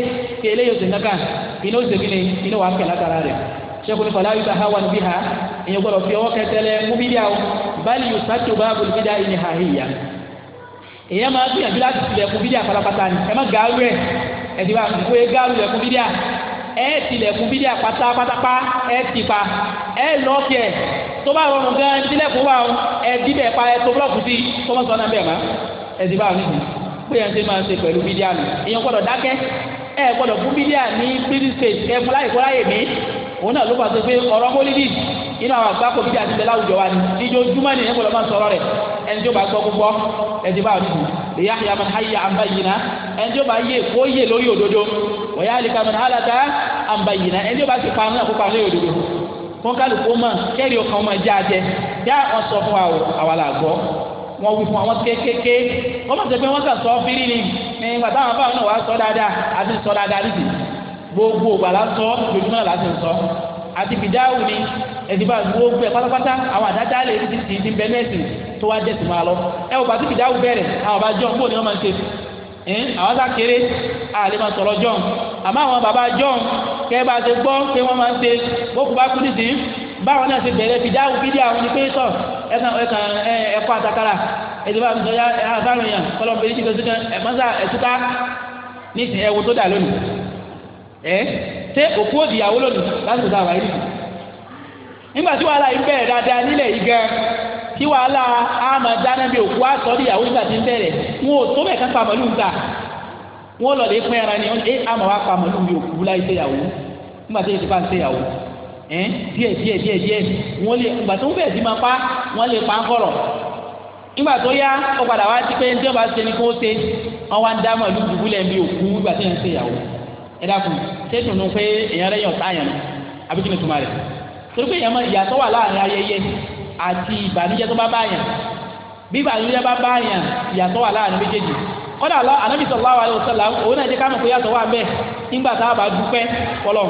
kéré yóò sèǹkà kan iná ó sèǹkì ni iná wà kẹ̀ látara rẹ̀ sẹ́kù ni fàlàyé ta hawa níbí ha èyàn gbọ́dọ̀ fi ọwọ́ kẹtẹlẹ múbídíà o báyìí yóò ẹ̀dí wa kò é gáàrú lẹ̀kùn bídíà ẹ̀ ti lẹ̀kùn bídíà pátápátá pa ẹ̀ lọ́ọ̀kì ẹ̀ tó bá rọrùn gan ẹ̀ tilẹ̀kùn wà ó ẹ̀ pa ẹ̀ tó búlọ̀kù sí kọ́mọ́sọ̀ náà bẹ̀ mọ́ ẹ̀dí wa kò pé ẹ̀ ń ṣe máa ń ṣe pẹ̀lú bídíà nù èèyàn gbọ́dọ̀ dákẹ́ ẹ̀ gbọ́dọ̀ fún bídíà ní bídí space ẹ̀ fún láyè kó láyè mí òun náà ló bá sọ pé ọ̀rọ̀ mólídì inú àwọn àgbákò bídíà ti bẹ láwùjọ wa ni ìjọ ojúmọ́ ni ẹ̀ ẹni tí ó bá gbọ́ gbogbo ẹni tí bá wà nìyí ìyá àyà man hayya an bayyina ẹni tí ó bá yé kó yé lórí òdodo wa yahlika man halaka an bayyina ẹni tí ó bá ti parun náà kó parun lórí òdodo fún kálukú mọ kẹ́rì ọkàn mọ ẹja jẹ yá wọn sọ fún àwa làgbọ́ wọn wí fún àwọn kéékèèké wọn bá tẹ pé wọn kà sọ fírí ni nígbà táwọn afáwọn náà wàá sọ dáadáa àti sọ dáadáa nídìí gbogbo gbàlá sọ lójúmọ́ làá sọ àti fìdáwù ni ẹ̀dìbà gbogbo ẹ̀ pátápátá àwọn àdájá lè ti ti ti bẹ́ẹ̀nẹ́sì tó wá dẹ̀sì máa lọ ẹ wò bàtí fìdáwù bẹ̀rẹ̀ àwọn bá john bóun ni wọ́n máa ń ṣe ẹ̀ẹ́n àwọn sá kéré àlè máa sọ̀rọ̀ john àmọ́ àwọn bàbá john kẹ́ bá ṣe gbọ́ pé wọ́n máa ń ṣe bókù bá kú nìsín báwọn náà ṣe bẹ̀rẹ̀ fìdáwù fídíà àwọn ni pé tọ̀ ẹ̀kan ẹ̀kan ẹ̀kọ́ àtàkàrà ẹ̀dìbà mi sọ̀yà àbárò yàn kọ́lọ́mù bèrè ṣì fẹ́ sí kan ẹ̀mọ́sà ẹ̀túká nísìnyẹ̀wò tó dà lónìí ẹ̀ ṣé òkú òdì ìyàwó lónìí lásìkò tá a wà yìí nìyí nígbà tí wàhálà yìí bẹ̀rẹ̀ dáadáa nílẹ̀ yìí gan tí wàhálà àmà dáná bíi òkú àtọ́ ní ìyàwó nígbà tí ń bẹ̀rẹ̀ wọn ò tó bẹ̀ ká pa màálù ta wọn lọ lè pín ara ni ẹ àmà wa pa màálù bíi òkú láì ṣèyàwó nígbà tí èsì bá ń ṣèyàwó ẹ díẹ̀ díẹ̀ díẹ̀ díẹ̀ wọn lè ìgbà tó ń bẹ̀rẹ̀ sí máa pa wọn lè pa ń kọ̀rọ̀ nígbà tó yá ó padà wá sí pé ní tí wọn ṣe ni kó ṣe wọn wá ń dá màálù dùbúlẹ̀ bíi òkú nígbà tí wọn ń ṣèyàwó ẹ dákun ṣé dùnú pé èèyàn rẹ yàn táyàn àbí kí ni tuma rẹ torí pé èèyàn máa ìyàtọ̀ wà láàrin ayẹyẹ àti ìbànújẹ́ tó bá báyàn bí ìbànújẹ́ bá báyàn ìyàtọ̀ wà láàrin méjèèjì kọ́dà lọ anabi sallallahu alaihi wasallam òun náà jẹ́ ká mọ̀ pé yàtọ̀ wà bẹ́ẹ̀ nígbà tá a bá dúpẹ́ fọlọ́n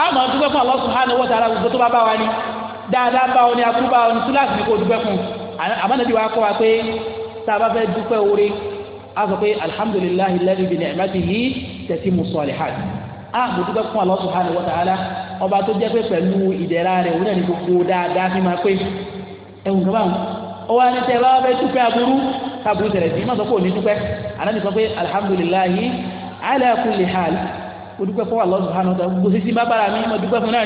a máa dúpẹ́ fún Allah subhanahu wa ta'ala gbogbo tó bá bá wa ni dáadáa bá ọ ni akú bá ọ ni túláàsì ni kò dúpẹ́ fún àmọ́nàbí wa kọ́ wa pé tá a bá fẹ́ dúpẹ́ oore a sọ pé alhamdulillahi alladhi bi ni'matihi tẹ̀símù sọ̀lìhàn a mo dúpẹ́ fún Allah subhanahu wa ta'ala ọba tó jẹ́ pé pẹ̀lú ìdẹ̀ra rẹ̀ òun náà ní gbogbo dáadáa ní máa pé ẹ̀wùn kan báwọn ó wá ní tẹ́lá bẹ́ẹ̀ dúpẹ́ aburú káàbùrú tẹ̀lẹ̀ sí má sọ pé òní dúpẹ́ ànábì sọ pé alhamdulillahi ala kulli hal mo dúpẹ́ fún Allah subhanahu wa ta'ala gbogbo sísí bá bára mi mo fún náà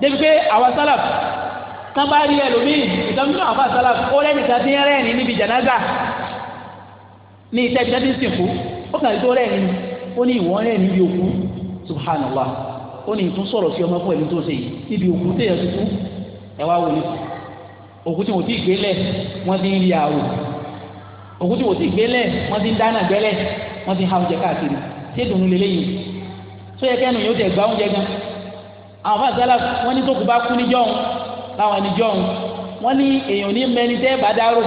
ni tábà rí ẹlòmíì ìtọ́jú náà fà sálà ó rẹ́ nìkan tí ń rẹ́ẹ̀ni níbi jànáza ní ìtẹ́ sìnkú ó kàn tó rẹ́ẹ̀ni ni ó ní ìwọ̀n rẹ́ẹ̀ni bí òkú subhanallah ó ní ìtún sọ̀rọ̀ sí ọmọ pẹ̀lú tó ṣe yìí níbi òkú téèyàn tuntun ẹ wá wò ní òkú tí wọ́n ti gbélẹ̀ wọ́n ti ń rí àwò òkú tí wọ́n ti gbélẹ̀ wọ́n ti ń dáná gbẹ́lẹ̀ wọ́n ti ń ha oúnjẹ káàkiri ṣé dùnú lélẹ́yìn tó yẹ kẹ́nu yóò tẹ̀ gbá oúnjẹ gan àwọn fàṣálà wọ́n ní tó kú bá kú níjọ́ láwọn ẹni jọ̀hún wọ́n ní èèyàn ní mẹni tẹ́ bá dárò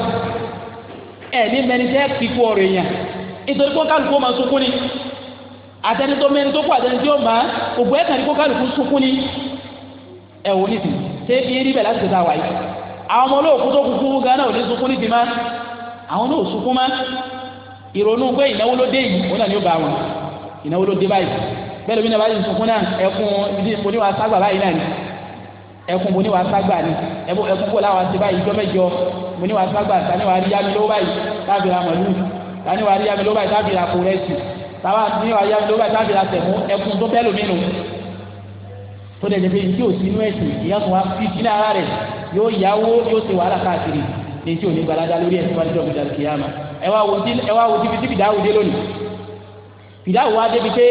ẹ̀ ní mẹni tẹ́ kíkú ọ̀rọ̀ èèyàn nítorí kó kálukú ó máa sunkún ni àtẹni tó mẹni tó kú àtẹni tí ó máa ògbó ẹ̀ kàn ní kó kálukú sunkún ni ẹ̀ wò ní sìn ṣé iye rí bẹ́ẹ̀ láti tẹ̀sán wáyé àwọn ọmọ olóòkú tó kúkú gan náà ò ní sunkún ní ti má àwọn náà sunkún má ìrònú pé ìnáwó ló dé yìí òun náà ni ó bá wọn ìnáwó ló dé báyìí bẹ́ẹ̀ lómi náà bá yìí sunkún náà ẹkún ibi oníwà ságbà báyìí náà ẹkùn mo ní wàá ságbà ni ẹkùn kò láwa ṣe báyìí jọ́mẹ́jọ mo ní wàá ságbà tani wàá rí yámi lówó báyìí tábìlì àmọ̀lú tani wàá rí yámi lówó báyìí tábìlì àpò rẹ̀ tani tàwa ní wàá rí yámi lówó báyìí tábìlì àtẹ̀mú ẹkùn tó bẹ́ẹ̀ lómi nù tó dẹ̀ dẹ̀bẹ̀ yìí tí ò sí inú ẹ̀sìn ìyá tó wá fi sílẹ̀ ara rẹ̀ yóò yáwó yóò ṣe wàhálà káàkiri ní tí ò ní gbalada lórí ẹ̀sìn wájú ọ̀gbìn dàrú kìyàmà ẹ wá wo ti fi ti fìdáwò dé lónìí fìdáwò wá débi pé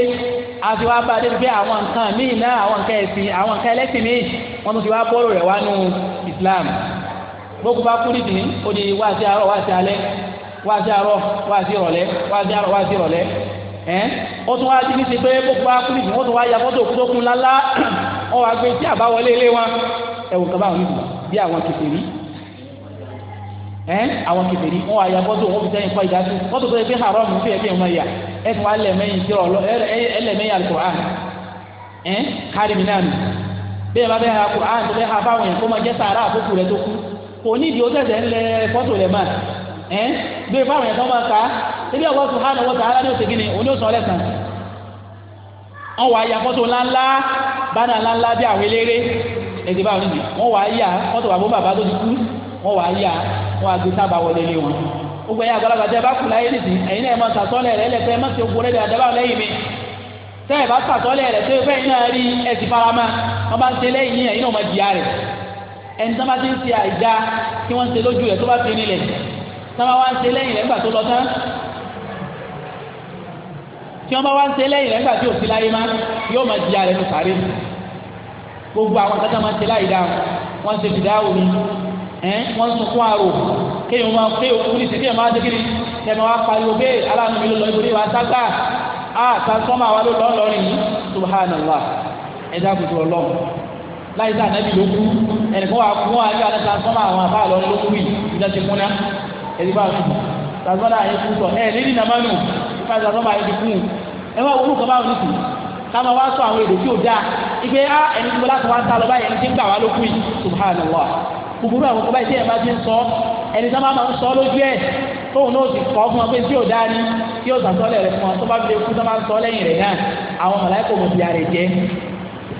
àti wá bá débi pé àwọn nǹkan míì náà àwọn nǹkan ẹ̀sìn àwọn nǹkan ẹlẹ́sìn míì wọ́n tún ti wá bọ́ọ̀rọ̀ rẹ̀ wá nù Islam gbogbo bá kú nìdí ó di wá sí àárọ̀ wá sí alẹ́ wá sí àárọ̀ wá sí ìrọ̀lẹ́ wá sí àárọ̀ wá sí ìrọ̀lẹ́ ẹ́ ó tún wá dídí sí pé gbogbo bá kú nìdí wọ́n tún wá ya fọ́tò òkú tó kún lálá wọ́n wá gbé sí àbáwọlé ilé wọn ẹ̀wù kan báwọn nìdí bí àwọn kìtìrí ẹ àwọn kẹfẹẹri wọn àyà bọtò wọn fi sẹ́yìn kọ ìdásí bọtò tó yẹ pé haram fi ẹkẹ ọmọ yà ẹ tún wà lẹmẹyìn tí ọlọ ẹ lẹmẹyìn alukur'an ẹ kárí mi náà nù bẹ́ẹ̀ bá bẹ ha kur'an tó bẹ ha fáwọn yẹn kó máa jẹ sàárà àkókò rẹ tó kú kò ní ìdí o tẹsẹ ńlẹ fọtò rẹ mà ẹ bẹ́ẹ̀ fáwọn yẹn kó máa ká ebi ọwọ sùhánù ọwọ sàárà ní òsègì ni òní òsàn ọlẹsàn wọn wà àyà fọtò ńláńlá bánà ńláńlá bí àwọn eléré ẹ wọ́n wá yá wọ́n á gbé sábà wọlé lé wọn gbogbo ẹ̀yà àgbàlagbà bá kù láyé nìsí ẹ̀yin náà ẹ̀ máa sàtọ́lẹ̀ rẹ̀ lẹ́tẹ̀ ẹ̀ má ti ogun rẹ̀ àdábà lẹ́yìn mi tẹ́ ẹ̀ bá sàtọ́lẹ̀ rẹ̀ tó fẹ́ iná ma bá ń ṣe lẹ́yìn ẹ̀yin náà máa jìyà rẹ̀ ẹni bá ti ń lójú tó bá fi nílẹ̀ bá wá ń lẹ́yìn rẹ̀ tó lọ ẹ̀ wọ́n sọ fún àrò kéèyàn máa kéèyàn kú ní sèkéèyàn máa dégìrì kẹ́mi wá pariwo pé aláàánú mi ló lọ ibùdó ìwà ságbà á transformer wa ló lọ́ lọ́rin yìí subhanallah ẹ dákun tó lọ́wọ́ láyé tá ànábì ló kú ẹnìkan wà fún wa yóò transformer àwọn àbá lọ ló kú yìí ìjà ti kúnná ẹni bá kú transformer yẹn kú sọ ẹ nídìí nàmánu ìfà transformer yẹn ti kú ẹ wá wúlò kọ́ báwọn nìkú káma wá sọ àwọn èdè tí ò dáa ìgbé á ah, ẹni tí mo láti wá sá lọ báyìí ẹni tí ń gbà wá kúburú àwọn kọ́bá ìṣẹ́yẹ̀ bá ti ń sọ ẹni tó máa ń sọ lójú ẹ̀ tóun náà sì kọ́ fún ọ pé tí ò dá ní tí ò sàtọ́lẹ̀ rẹ̀ fún ọ tó bá fi lè kú tó máa ń sọ lẹ́yìn rẹ̀ náà àwọn màláìkò mọ̀ ti àrẹ̀ jẹ́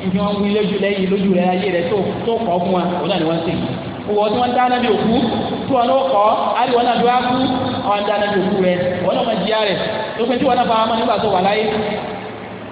ìdí wọn wí lójú lẹ́yìn lójú rẹ̀ ayé rẹ̀ tó kọ́ fún wa òun náà ni wọ́n ń sèyí wọ tí wọ́n dáná bí òkú tí wọ́n náà kọ́ àyè wọn náà dúró á kú àwọn dáná bí òkú rẹ̀ wọ́n náà máa di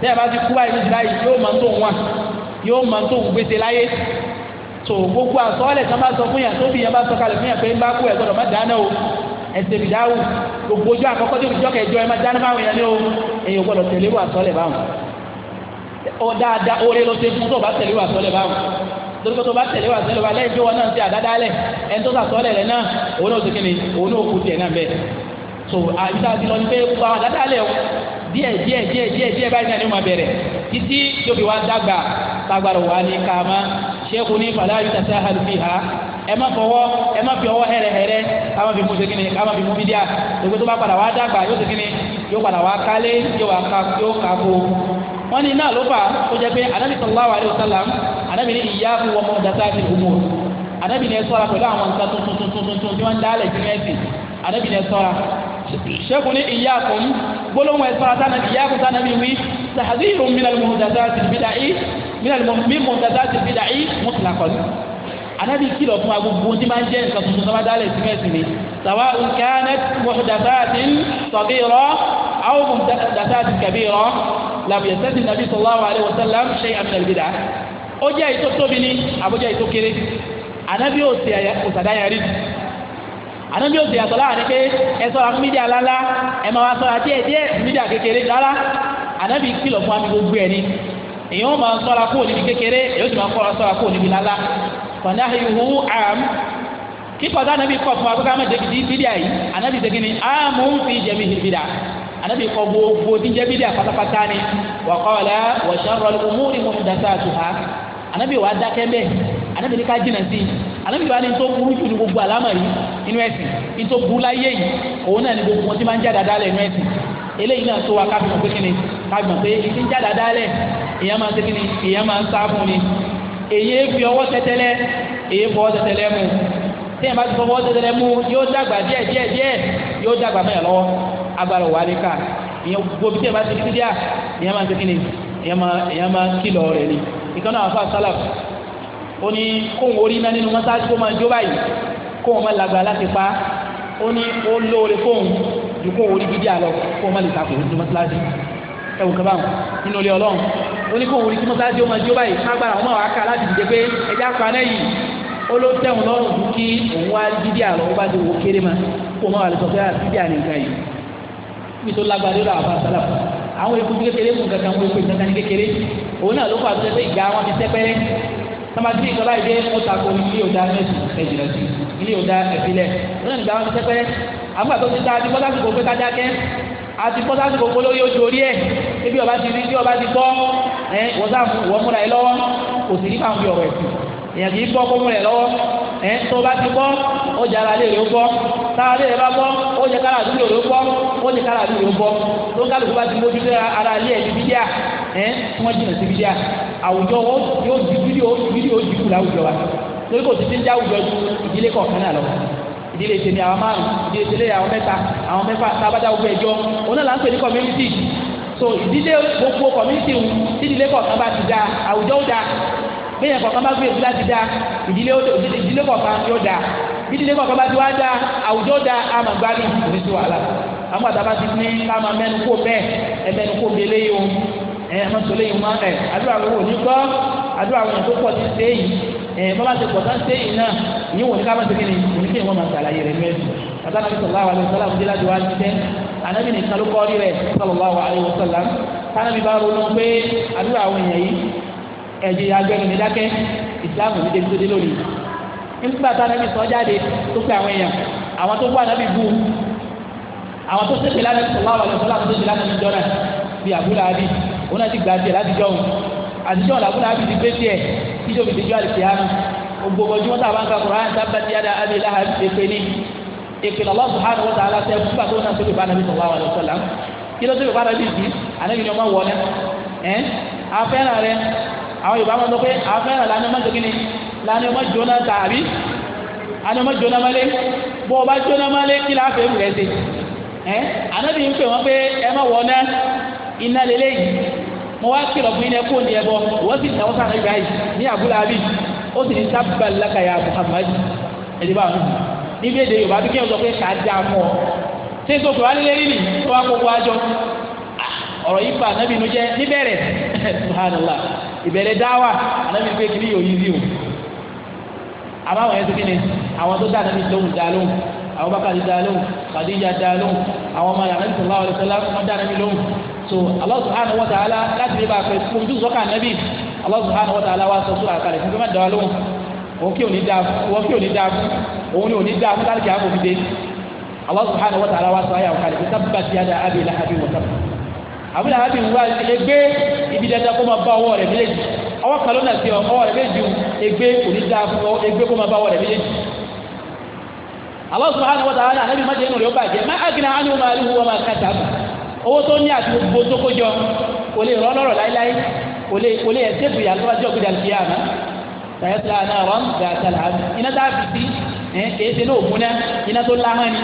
tẹ́yà bá ti kú báyìí ní ìdíláyìí yóò máa tó wọn yóò máa tó gbèsè láyé tó gbogbo àsọ́ọ̀lẹ̀ kan bá sọ fún yàn tó fi yàn bá sọ kalẹ̀ fún yàn pé ń bá kú ẹ̀ gbọ́dọ̀ má dáná o ẹsẹ̀ mi dáwù gbogbo ojú àkọ́kọ́ tó fi jọ́ kẹjọ ẹ má dáná báwọn yẹn ní o èyàn gbọ́dọ̀ tẹ̀lé wà sọ́ọ̀lẹ̀ báwọn ó dáadáa oore ló ṣe fún tó bá tẹ̀lé wà sọ́ọ̀lẹ̀ báwọn torípé tó bá tẹ̀lé wà sọ́ọ̀lẹ̀ báwọn lẹ́yìn tó wọn náà ti àdádálẹ̀ ẹni tó sà sọ́ọ̀lẹ̀ rẹ̀ náà òun náà ti kíni òun náà kú tiẹ̀ náà bẹ́ẹ̀ so àbí tá a ti lọ ní pé bá wọn ládàálẹ̀ o díẹ̀ díẹ̀ díẹ̀ díẹ̀ díẹ̀ báyìí náà ni wọ́n bẹ̀rẹ̀ títí tóbi wá dàgbà tágbàrò wá ní kàmá ṣẹ́kù ní fàlà àyùtàtà àlùfí ha ẹ má fọwọ́ ẹ má fi ọwọ́ hẹ́rẹ́hẹ́rẹ́ káma fi mú segin káma fi mú bídíà gbogbo tó bá padà wá dàgbà yóò segin yóò padà wá kálé yóò wá ká yóò ká kó wọn ní náà ló fà ó jẹ pé anabi sallallahu alayhi wa sallam anabi ní ìyá fún wọn mọ dasa ti humur anabi ní ẹ ṣọ́ra pẹ̀lú àwọn nǹkan tuntun tuntun tuntun tí wọn dálẹ jùlọ ẹsìn anabi ní ẹ ṣọ́ra sẹ́kùn ní ìyáàkùn gbólóhùn ẹ̀sán àtànà ìyáàkùn tánà mi wí sàhàzírù minal muhdathati bid'ah minal muhdathati bid'ah mutlaqan. anábì kìlọ̀ fún wa gbogbo tí máa ń jẹ́ nǹkan tuntun sábà dálẹ̀ sí mẹ́sìn ni sàwa kanat muhdathati saghira aw muhdathati kabira lam yastati nabi sallallahu alayhi wa sallam shay'an minal bid'ah ó jẹ́ ìtótóbi ni àbójá ìtókéré anábì ò sì ànábi òsè yàtọ̀ láàrin pé ẹ sọ̀rọ̀ fún mídíà lálá ẹ máa wá sọ̀rọ̀ díẹ̀ díẹ̀ mídíà kékeré lálá ànábi kìlọ̀ fún ami gbogbo ẹ̀ ni èyàn máa sọ̀rọ̀ kó níbi kékeré èyàn sì máa kọ́ sọ̀rọ̀ kó níbi lálá kọ̀dá ihu àm kíkọ̀ tá ànábi kọ̀ fún abúlé amájẹ bìí mídíà yìí ànábi segin ni àmú fi jẹmi ìbìdà ànábi kọ gbogbo díjẹ mídíà pátápátá ni wàkọ́ọ̀lá wọ̀ṣẹ́ rọlùmú ìmúdàtà àtùhà ànábi wà á dákẹ́ bẹ́ẹ̀ ànábi ní ká jìnnà sí i ànábì bá ní tó burú jù ní gbogbo àlámà yìí inú ẹ̀sìn ní tó burú láyé yìí òun náà ní gbogbo wọn ti máa ń já dáadáa lẹ̀ inú ẹ̀sìn eléyìí náà tó wa ká fi mọ̀ pé ìdí ń já dáadáa lẹ̀ èèyàn máa ń ṣe kíni máa ń sá ni èyí fi ọwọ́ tẹ́tẹ́lẹ́ èyí fọwọ́ tẹ́tẹ́lẹ́ mú téèyàn bá ti fọwọ́ tẹ́tẹ́lẹ́ mú yóò dàgbà díẹ̀ díẹ̀ díẹ̀ yóò dàgbà mẹ́yà lọ́wọ́ agbára wà ní ká ìyẹn gbogbo bí téèyàn bá ti fi díà èèyàn máa ń ṣe kíni èèyàn ni ìkànnì àwọn afá sálàfù ó ní kóhùn orí iná nínú mọ́sáàsì kó máa jó báyìí kóhùn máa lágbára láti pa ó ní ó lóore fóhùn ju kóhùn orí gidi àlọ kóhùn máa lè takò nínú mọ́sáàsì ẹ̀wù kan báwọn nínú ilé ọlọ́run ó ní kóhùn orí kí mọ́sáàsì ó máa jó báyìí má gbára ọmọ àká láti dìde pé ẹjẹ́ àpáná yìí ó ló tẹ̀wọ̀n lọ́rùn fún kí òun wá gidi àlọ ó bá ti wò kéré ma kóhùn máa wà lè sọ pé ah, tọ́mátì ìjọba ìdè ó takò ilé ọ̀dà mẹ́sì ẹ̀jìnà sí ilé ọ̀dà ẹ̀fílẹ̀ lọ́nà ìgbà wọn ti tẹ́pẹ́ àgbàdo ti ta àti bọ́lá ti kò pé ká dákẹ́ àti bọ́lá ti kò pé lórí ojú orí ẹ̀ ebi ọba ti rí bí ọba ti gbọ́ ẹ wọ́n sá wọ́n múra ẹ lọ́wọ́ kò sì nípa àwọn ọ̀rọ̀ ẹ̀sìn èèyàn kì í gbọ́ kó múra ẹ lọ́wọ́ ẹ tó bá ti gbọ́ ó jẹ ara lè rí ó gbọ́ tára lè rí bá gbọ́ ó jẹ kára àdúgbò rí ó gbọ́ ó jẹ kára àdúgbò rí gbọ́ tó kálukú bá ti mójú lé ara lé ẹ̀ ẹ tí wọ́n jìnnà sí fídíà àwùjọ yóò di fídíò fídíò di kù láwùjọ wa lórí kò sí ń já àwùjọ ju ìdílé kọ̀ọ̀kan náà lọ ìdílé tèmi àwọn márùn ìdílé tèlé àwọn mẹ́ta àwọn mẹ́fà tábàdà gbogbo ẹjọ òun là ń pè ní community so ìdílé gbogbo community ń ìdílé kọ̀ọ̀kan bá ti dáa àwùjọ ó dáa bẹ́ẹ̀ kọ̀ọ̀kan bá gbé láti dáa ìdílé kọ̀ọ̀kan yóò dáa ìdílé kọ̀ọ̀kan bá ti wá dáa àwùjọ dáa àmàgbárí òní sí wàhálà àwọn àtàbà ti ní ká máa mẹ́nu kó bẹ́ẹ̀ ẹ kó bẹ́ẹ̀ léyìí ẹ eh, má sọ lẹ́yìn mọ́ ẹ eh, àdúrà wo wò ní gbọ́ àdúrà wo tó pọ̀ ti ṣe èyí ẹ bọ́lá ti pọ̀ tán ṣe èyí náà ìyẹn wò ní ká má ṣe kíni kò ní kí ìwọ́n máa ṣàlàyé rẹ̀ mẹ́rin kàtà nàbí sallallahu alaihi wasallam jẹ́ láti wá ti tẹ́ ànábì nìkan ló kọ́ rí rẹ̀ sallallahu alaihi wasallam kánábì bá ronú pé àdúrà àwọn èèyàn yìí ẹ̀jẹ̀ agbẹ́nu mi dákẹ́ ìsìláàmù mi débi tó dé lónìí nígbà tá ànábì sọ jáde tó pé àwọn èèyàn àwọn tó gbọ́ ànábì bú àwọn tó ṣèpè lánàbì sallallahu alaihi wasallam tó ṣèpè lánàbì jọ́nà bíi àbúlà àbí òun náà ti gba tiẹ̀ láti jọ̀hún àtijọ́ làbúrò àbí ti gbé tiẹ̀ tíjọ́ fi ti jọ́ àlùkè hàn gbogbo ọjọ́ wọn tàbá ń ka Kùránì tábà ti yáda Abi Lahab èpè ní èpè Allah subhanahu wa ta'ala sẹ́ fúgbà tó náà sókè bá nàbí sallallahu alaihi wasallam kí ló sókè bá nàbí sí ànábi ni ọmọ wọ ná ẹ afẹ́ràn rẹ àwọn Yorùbá máa ń sọ pé afẹ́ràn lànà ọmọ jòkínni lànà ọmọ jóná tàbí ànà ọmọ jóná mọ́lé bọ́ ọba jóná mọ́lé kí láàfẹ́ rẹ̀ ṣe ẹ ànábi ń pè wọ́n pé ẹ má wọ náà iná lélẹ́yìí mo wá kìlọ̀ fún iná kóòdì ẹ̀bọ wọ́n sì náwó sáà nígbà yìí ní àbúlá àbí ó sì ní sábà lákàyà Muhammad ẹ̀dí bá wọn níbi èdè Yorùbá bí kí wọ́n sọ pé kàá dáa mọ́ ọ ṣé n sọ̀rọ̀ alẹ́ lẹ́rìí ni tó wá gbogbo àjọ ọ̀rọ̀ yìí fa anábì inú jẹ́ níbẹ̀rẹ̀ (laughs) subhanallah ìbẹ̀rẹ̀ dáwà anábì pé kiri yóò yí sí o àmọ́ àwọn yẹn ti àwọn tó dá anábì lóhùn dá lóhùn àwọn bákàtí dá lóhùn Khadija dá lóhùn àwọn ọmọ yàrá ìsọ̀lá ọ̀rẹ́sọ̀lá wọn dá anábì lóhùn so Allah subhanahu wa ta'ala láti lè bá a fẹ́ fún ojú sọ́kà nẹ́bí Allah subhanahu wa ta'ala wa sọ sóra kalẹ̀ fún fẹ́ má dá wa lóhùn òun kí òní dáa òun kí òní dáa òun ni òní dáa fún tálíkì àbò fi dé Allah subhanahu wa sọ ayà kalẹ̀ fún tábà ti yàda abi lahabi wa tábà lahabi wa egbe ibi dada kó ma bá ọwọ́ rẹ̀ méjèèjì ọwọ́ kan ló nà sí ọwọ́ rẹ̀ egbe òní dáa fún ọ egbe kó ma bá ọwọ́ rẹ̀ méjèèjì Allah subhanahu wa ta'ala anabi má jẹ́ inú rẹ̀ ó bàjẹ́ má agina ánú ma lù wọ́n ma kàtàkù owó tó ní àti gbogbo tó kó jọ kò lè rán lọ́rọ̀ láíláí kò lè kò lè ẹ̀sẹ̀ tó yà lọ́wọ́ jọ gbé dàlùfẹ́ àná tàyẹ̀sẹ̀ àná wọn gbà sàlà iná tá a fi sí ẹ̀ kéèsè náà múná iná tó láhán ni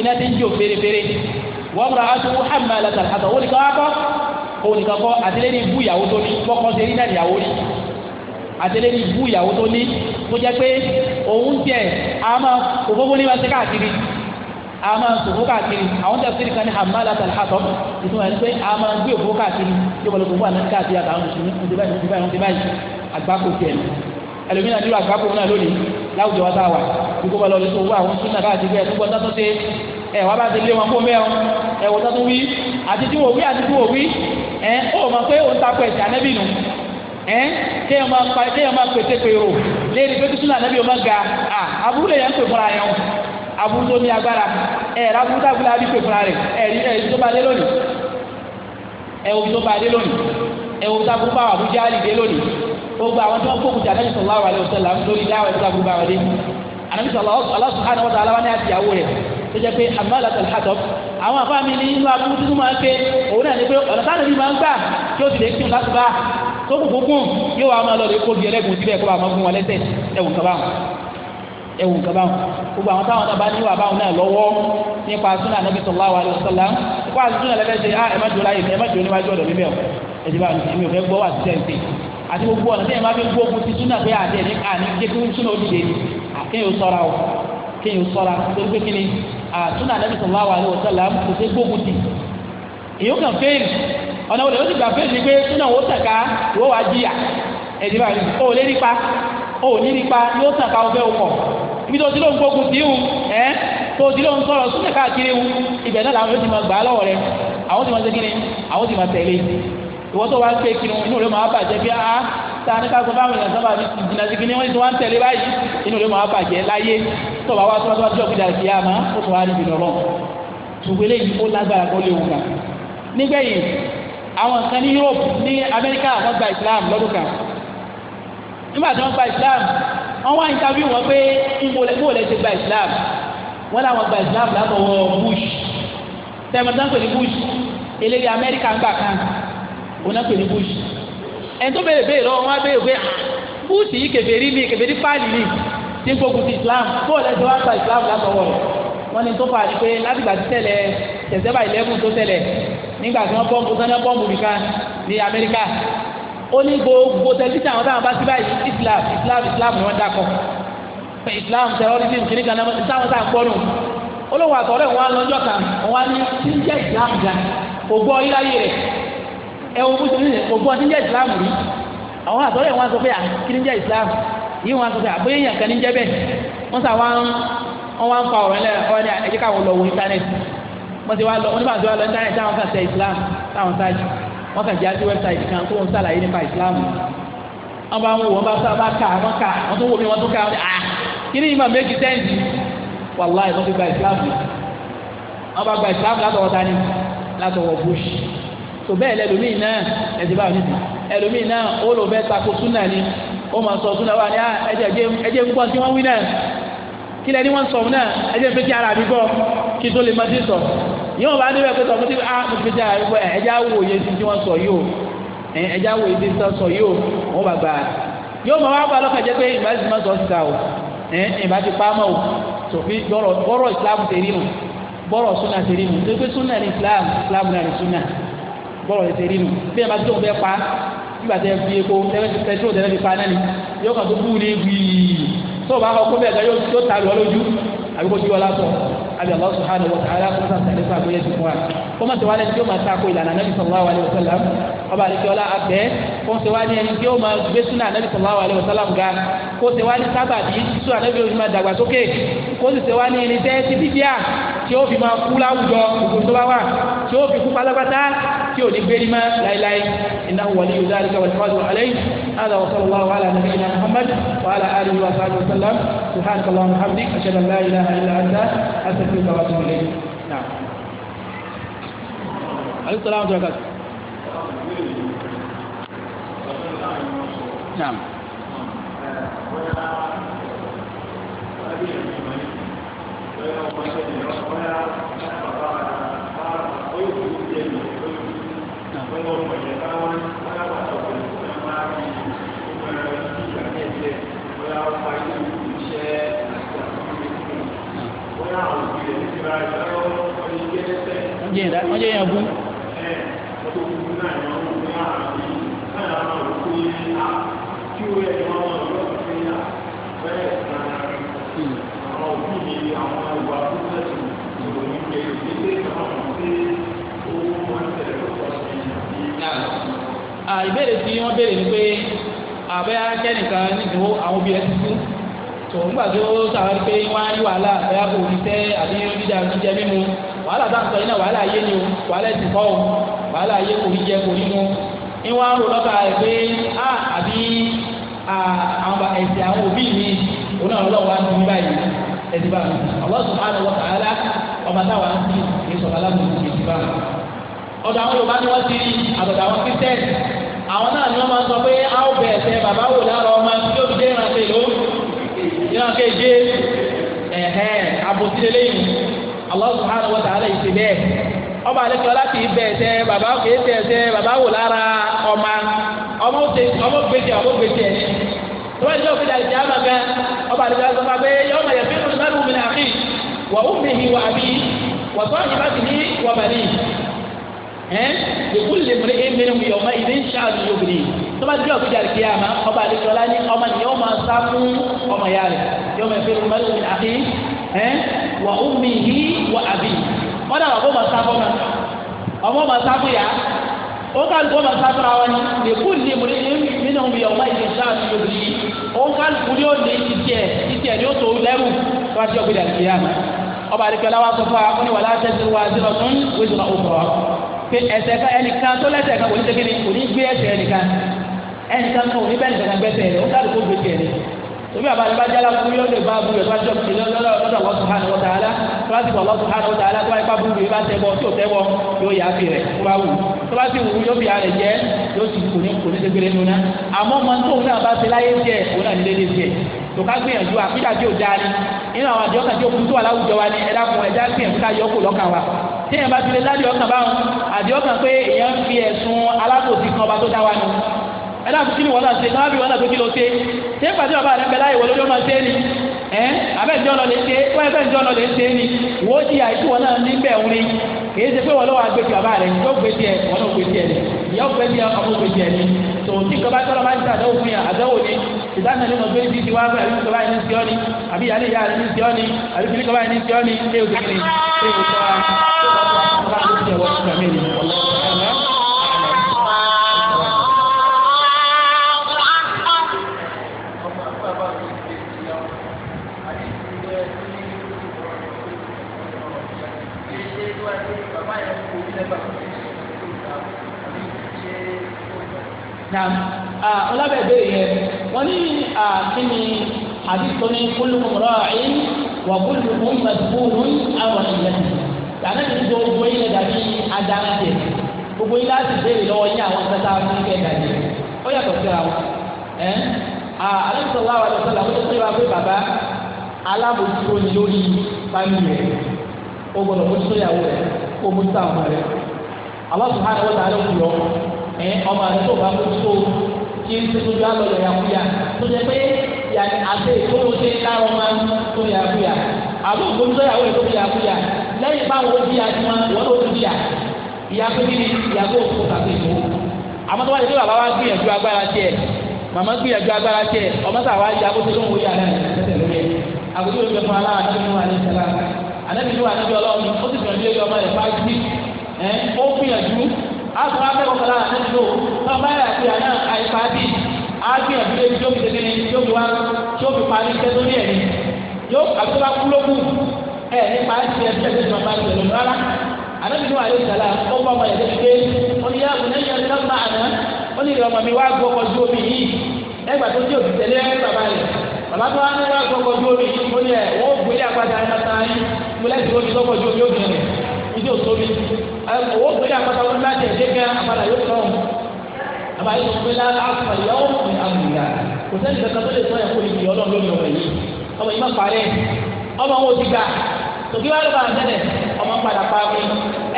iná ti ń jò fèrèfèrè wọ́n múra á tún hàmà lásàlà àtọ̀ wọ́n nìkan wá kọ́ òun nìkan kọ́ àtẹlẹ́ ní ìyàwó tó ní kọ́kọ́ ṣe rí náà ìyàwó ní ibú ìyàwó tó a máa sòfò káàkiri àwọn tẹ̀síìrì kan ní hamala talhatọ ìtumọ̀ ẹni pé a máa gbé òfò káàkiri yóò wọlé gbogbo àná káàkiri àtàwọn mùsùlùmí ń ti báyìí ń ti báyìí ń ti báyìí àgbákò tiẹ̀ ni ẹlòmínà nílò àgbákò náà lónìí láwùjọ wa tá a wà gbogbo bá lọ lè sòwò àwọn súnà káàkiri ẹ̀ tó gbọ́ tátó ṣe ẹ̀ wá bá ti lé wọn kó mẹ́ ọ ẹ̀ wò tátó wí àti tí wò wí àti tí wò wí ẹ̀ ó mọ̀ pé òun takò ẹ̀sìn ànẹ́bì nù ẹ̀ kéèyàn máa pètè pèrò léèrè pé kí súnà ànẹ́bì ó má ga à abúlé yẹn ń pè fúnra yẹn o aburú tó ní agbára ẹ̀rọ aburú tó aburú àbí pèfúra rẹ̀ ẹ̀rí ẹ̀rí tó bá dé lónìí ẹ̀wò tó bá dé lónìí ẹ̀wò tó aburú bá Abu Jahali dé lónìí gbogbo àwọn tó ń kó kùtà Ànábì sallallahu alaihi wasallam lórí dáwà tó aburú bá wà dé Ànábì Allah subhanahu wa ta'ala wá ní àtìyàwó rẹ̀ tó jẹ́ pé amalatul hatab àwọn afáàmì ní inú aburú tuntun máa ń pé òun náà ní pé ọ̀nà táwọn ẹbí máa ń gbà kí ó sì lè kí wọn láti bá tó kù ẹwù gaba gbogbo àwọn táwọn náà bá ní wà báwọn náà lọ́wọ́ nípa súnà nàbí sallallahu alaihi wasallam nípa súnà lẹ́fẹ́ ṣe ah, á ẹ̀mẹ́jọ láyé ẹ̀mẹ́jọ níwájú ọ̀dọ̀ mi bẹ́ẹ̀ ẹ̀jẹ̀ bá mi ò fẹ́ gbọ́ wà sí ẹ̀ǹtẹ̀ àti gbogbo ọ̀nà tí ẹ̀ máa fi gbógun ti súnà pé ah, àti ẹ̀ ní àní kékeré súnà òdìdè kéèyàn sọ́ra o kéèyàn sọ́ra torí pé kíni súnà nàbí sallallahu alaihi wasallam kò sí gbógun ti èyí kan fẹ́ẹ̀lì ọ̀nà òde ó sì gbà fẹ́ẹ̀lì pé súnà ó tẹ̀ka ìwọ́ wàá jìyà ẹ̀jẹ̀ bá mi ò lé nípa ò ní nípa yóò tàn ká ọbẹ̀ òkọ̀ ibi tó ti ló ń gbógun sí ìhù ẹ́ tó ti ló ń sọ̀rọ̀ súnlẹ̀ káàkiri ìhù ibẹ̀ náà làwọn yóò ti máa gbà á lọ́wọ́ rẹ àwọn ti máa segin ni àwọn ti máa tẹ̀lé ìwọ́n tó wá ń pè kinu inú rẹ máa bàjẹ́ bí a ta ní káàkiri báwọn èèyàn sábà ní ìjìnà sí kíní wọ́n ti wá ń tẹ̀lé báyìí inú rẹ máa bàjẹ́ láyé tó bá wá tó bá tó bá tó gbìdà sí àmọ́ ó tó wá níbi nọ̀rọ̀ ṣùgbọ́n eléyìí ó lágbára kó léwu kan nígbẹ̀yìn àwọn kan ní Europe ní Amẹ́ríkà wọ́n nígbà tí wọ́n gba islam wọ́n wá interview wọn pé nbọ̀lẹ̀ ti gba islam wọ́n làwọn gba islam látọwọ́ bush tẹ̀mọ̀tán pè ní bush eléré amẹ́ríkà ń gbà kan òun náà pè ní bush ẹni tó béèrè béèrè lọ́wọ́ wọn á béèrè pé ah, bush yìí kèfèrí ni kèfèrí páàlì ni tí ń gbógun ti islam bọ́ọ̀lù ti wá gba islam látọwọ́ rẹ̀ wọ́n ní tó fà ní pé látìgbà tí tẹ̀lẹ̀ tẹ̀sẹ̀bà ìlẹ́kùn tó tẹ̀lẹ̀ nígbà tí wọ́n bọ́ǹbù tán ní bọ́ǹbù nìkan ní amẹ́ríkà ó ní gbogbo tẹlifíṣàn àwọn táwọn bá sí báyìí islam islam islam ni wọ́n islam terrorism kìíní kan náà táwọn táwọn olówó àtọ̀rẹ́ kan wọn ní islam gan kò gbọ́ iráyé rẹ̀ ẹ̀wọ̀n bó ti ní islam rí àwọn àtọ̀rẹ́ wọn sọ pé kí islam yìí wọn sọ pé èèyàn kan bẹ́ẹ̀ wọ́n sà wọn wá ń fa ẹ̀jẹ̀ káwọn lọ wọ́n kàn jáde wẹ́bsáìtì kan tó ń sàlàyé nípa ìsìláàmù wọ́n bá ń wò wọ́n bá sá bá kà wọ́n kà wọ́n tó wò mí wọ́n tó kà wọ́n à ah, kí ni ìmọ̀ méjì tẹ́ǹtì wàláì wọ́n fi gba ìsìláàmù wọ́n bá gba ìsìláàmù látọwọ́ tani látọwọ́ bush tó bẹ́ẹ̀ lẹ́lòmíì náà ẹ̀sìn báwọn nìyí ẹlòmíì náà ó lò bẹ́ẹ̀ tako súnà ni ó máa sọ súnà wà ní ah, ẹ̀jẹ̀ gbọ́ tí wọ́n wí náà kí lẹ́ni wọ́n sọ náà ẹ̀jẹ̀ fẹ́ kí ara mi gbọ́ kí tó lè má ti sọ yóò bá débẹ̀ pé tọmọdé a ah, mo ti dá àrùkọ ẹ ẹjá wò yé ti tí wọn sọ yìí o ẹjá wò yé ti tí wọn sọ yìí o wọn bá gbà á yóò mọ wá bá lọ́kàn jẹ́ pé ìgbà tí wọn sọ síta o ìgbà tí pamọ́ o tòfin bọ́rọ̀ islam ti rí nu bọ́rọ̀ sunna ti rí nu tó pé sunna ni islam islam náà ni sunna bọ́rọ̀ ti rí nu bí ẹ bá tó bẹ́ẹ̀ pa nígbà tẹ fi epo pẹtrol tẹ fi pa náà ni yóò kàn tó bú ní gbìyì tó o bá kọ kó bẹ́ẹ̀ gan yóò ta lù ọ ju ọ lásán àbí Allah subhanahu wa ta'ala kó sàn sàn nípa àgbéyé fún wa kó má ṣe wá lẹ́ni tí ó máa ta ko ìlànà nabi sallallahu alayhi wa sallam ọba àti ọlá abẹ kó ṣe wá ní ẹni tí ó máa gbé súnà nabi sallallahu alayhi wa sallam ga kó ṣe wá ní sábàbí sísú ànábi ojú máa dàgbà sókè kó sì ṣe wá ní ẹni tẹ́ ti bíbíà tí ó fi máa kú láwùjọ gbogbo tó bá wà tí ó fi kú pálápátá كيو دي ní gbé ní má انه ولي ذلك yóò عليه هذا وصلى الله على نبينا محمد وعلى اله وصحبه وسلم سبحانك اللهم وبحمدك اشهد ان لا اله الا انت استغفرك واتوب اليك نعم عليكم السلام ورحمه الله نعم Thank jẹ́ Thank you ìbéèrè tí wọ́n béèrè ni pé àbẹ́ akẹ́nìkan nígbò àwọn obì ẹ̀ ti kú tó nígbà tó sàwọn pé wọ́n á ní wàhálà bẹ́ẹ̀ kò ní tẹ́ àbí dídá jíjẹ mímu wàhálà tá à ń sọ yín náà wàhálà ayé ni o wàhálà ẹ̀sìn kọ́ o wàhálà ayé kò ní jẹ kò ní mu ìwọ́n á rò lọ́kà rẹ̀ pé á àbí àwọn ẹ̀sìn àwọn òbí mi òun náà lọ́wọ́ wa ń bí báyìí ẹ̀sìn báyìí Allah subhanahu wa ta'ala ọmọ táwa ń bí ìsọ̀rọ̀ aláàbò ìsìn báyìí ọ̀dọ̀ àwọn yorùbá ni wọ́n ti rí àtọ̀dọ̀ àwọn kristẹni àwọn náà ni wọ́n máa ń sọ pé a ó bẹ̀rẹ̀ sẹ́ bàbá wò lára ọmọ tí ó fi dé ìrántí ìlú ìrántí ìjé ẹ̀hẹ́ àbòsílẹ̀ lẹ́yìn Allah subhanahu wa ta'ala ìṣe bẹ́ẹ̀ ọba àlejò láti bẹ̀rẹ̀ sẹ́ bàbá kìí bẹ̀rẹ̀ sẹ́ bàbá wò lára ọmọ ọmọ gbèsè ọmọ gbèsè ẹni tọ́wọ́n ìjọba sọ yòókù lè múlẹ̀ é mẹ́rin mu yọ̀ọ́mọ ìdí ń ṣáàlù yókùnì tó bá jẹ́ òkúta kí a máa ọba àdìsọ́lá ní ọmọ ni yọ́ọ́ máa sá fún ọmọ ya rẹ̀ yọ́ọ́ máa fẹ́ lùmọ́ lùmí àbí wà ó mi yí wà àbí wọ́n dà ọmọ máa sá fún ọmọ ọmọ máa sá fún ya ó kálukú máa sá fún àwọn yòókù lè múlẹ̀ é mẹ́rin mu ìdí ń ṣáàlù yókùnì ó ó lè ti pé ẹsẹ̀ kan ẹnìkan tó lẹ́sẹ̀ kan kò ní ni kò gbé ẹsẹ̀ ẹnìkan ẹnìkan kan ò ní bẹ́ẹ̀ nìkan gbẹ́sẹ̀ rẹ̀ ó káàdì kó gbé tiẹ̀ ni tobi abalẹ bá jala fún yóò lè bá bu rẹ bá jọ kiri lọ́dọ̀ lọ́dọ̀ wọn sùn hàn wọta ala tó bá ti wọ wọn sùn hàn wọta ala tó bá yẹ bu rẹ bá tẹ bọ tó tẹ bọ yóò yà fi rẹ tó bá wù ti wù yóò fi alẹ jẹ yóò ti kò ní kò ní segere nu na àmọ́ mọtò òun náà bá ti láyé jẹ òun náà nílé lè jẹ tó ká gbìyànjú àkúdà tí ò dáa ni inú àwọn àdéhùn kan tí ó kú tó wà láwùjọ wa ni ẹ dákun ẹ dá gbìyànjú ká yọ kó lọ́kàn wa téèyàn bá tilẹ̀ ládìí ọkàn báwọn àdìí ọkàn pé èèyàn fi ẹ̀sùn alákòóso kan ọba tó dá wa nù ẹ̀dá àti kí ni wọ́n náà ṣe náà bí wọ́n náà tó kí ló ṣe ṣé ń pàṣẹ bàbá rẹ̀ bẹ́ẹ̀ láì wọ́n lójó máa ṣe é ni ẹ̀ abẹ́ǹjọ́ lọ lè ṣe wọ́n ẹ̀fẹ́ǹjọ́ lọ lè ṣe é ni wò ó jìyà ìtúwọ́n náà níbẹ̀ òun ni kìí ṣe pé wọn lọ́wọ́ agbèsè bàbá rẹ̀ yóò gbé tiẹ̀ wọn náà gbé tiẹ̀ ni ìyá ògbé tiẹ̀ ọmọ gbé tiẹ̀ ni tó tí kaba tọ́lọ́ máa ń ta àdáwò fún yà àdáwò ni ìdáná nínú gbé ti ti wá fún àbí kaba yẹn ní ti ọ́ ni àbí yàrá ìyá rẹ̀ ní ti ọ́ ni àbí kiri kaba yẹn ní ti ọ́ ni ẹ na ọlábẹ̀ẹ́dẹ́ yẹn wọ́n ní kíni àdìsọ ní kullukum ra'in wa kullukum mas'ulun àwọn ìyẹn yàrá ní gbogbo ilẹ̀ dàbí adáńtẹ̀ gbogbo ilẹ̀ àti béèrè lọ́wọ́ yín àwọn tata fún kẹ́ dàbí ó yàtọ̀ síra wọn ẹ́ àdìsọ láwọn àdìsọ làwọn tó yẹ wá pé bàbá alábòjútó ni lórí fámìlì rẹ̀ ó gbọdọ̀ bójútó ìyàwó rẹ̀ ó bójútó àwọn rẹ̀ Allah subhanahu wa ta'ala ẹ ọmọ rẹ tó bá kó tó kí n tuntun ju alọ yàrá kúyà tó jẹ pé yàrá àti ìkólóṣe láwọn máa ń tó yàrá kúyà àbọ̀ gbóńtó yàwó ètò yàrá kúyà lẹ́yìn báwo bí a ti wọn wọ́n ló ti yà ìyá pé kí ni ìyàgò òkú tàbí ìlú àmọ́ tó wà lẹ́yìn bàbá wa gbìyànjú agbára tiẹ̀ màmá gbìyànjú agbára tiẹ̀ ọmọ tá a wá yà kótó ló ń wòye àná ìrẹsẹ̀ lórí ẹ̀ àtúrà akẹ́kọ̀ọ́ kan lára àtẹ́jú lò náà báyà àti àná àìpa bí àgbẹ̀ àbílẹ̀ tí ó fi tẹ̀lé ni tí ó fi wá tí ó fi parí iṣẹ́ tó ní ẹ̀rí yóò àbí wá kú lókù ẹ̀ nípa ẹ̀sìn ẹ̀sìn ẹ̀sìn ìjọba ìjọba ìjọba rárá àdébí ní wàhálà ìjàlá ó bá ọmọ ẹ̀dẹ́ gbé oníyà oníyà ní lọ́gbà àná ó ní ìrọ̀mọ̀ mi wá gbọ́ ọkọ̀ ju omi yìí ẹgbà tó dé òbí tẹ̀lé ẹ̀ bàbá rẹ̀ bàbá tó wá ní wá gbọ́ ọkọ̀ ju omi yìí ó ní ẹ̀ wọ́n gbélé àpáta ẹ̀ náà tán yín mo lẹ́sìn omi lọ́kọ̀ ju omi ó bìnrin ìdí òtóbi owó pẹ̀lú àpáta wọn láti ẹ̀jẹ̀ gan àpáta yóò tọ̀ àbá yóò pé lára àpá ìyàwó ní àmúyà kò sẹ́ni kankan tó lè sọ ẹ̀kọ́ ìdí ọlọ́run lórí ọmọ yìí ọmọ yìí má parẹ́ ọmọ wọn ò ti gbà tòkí wá lọ́ba àtẹ́lẹ̀ ọmọ padà pa mi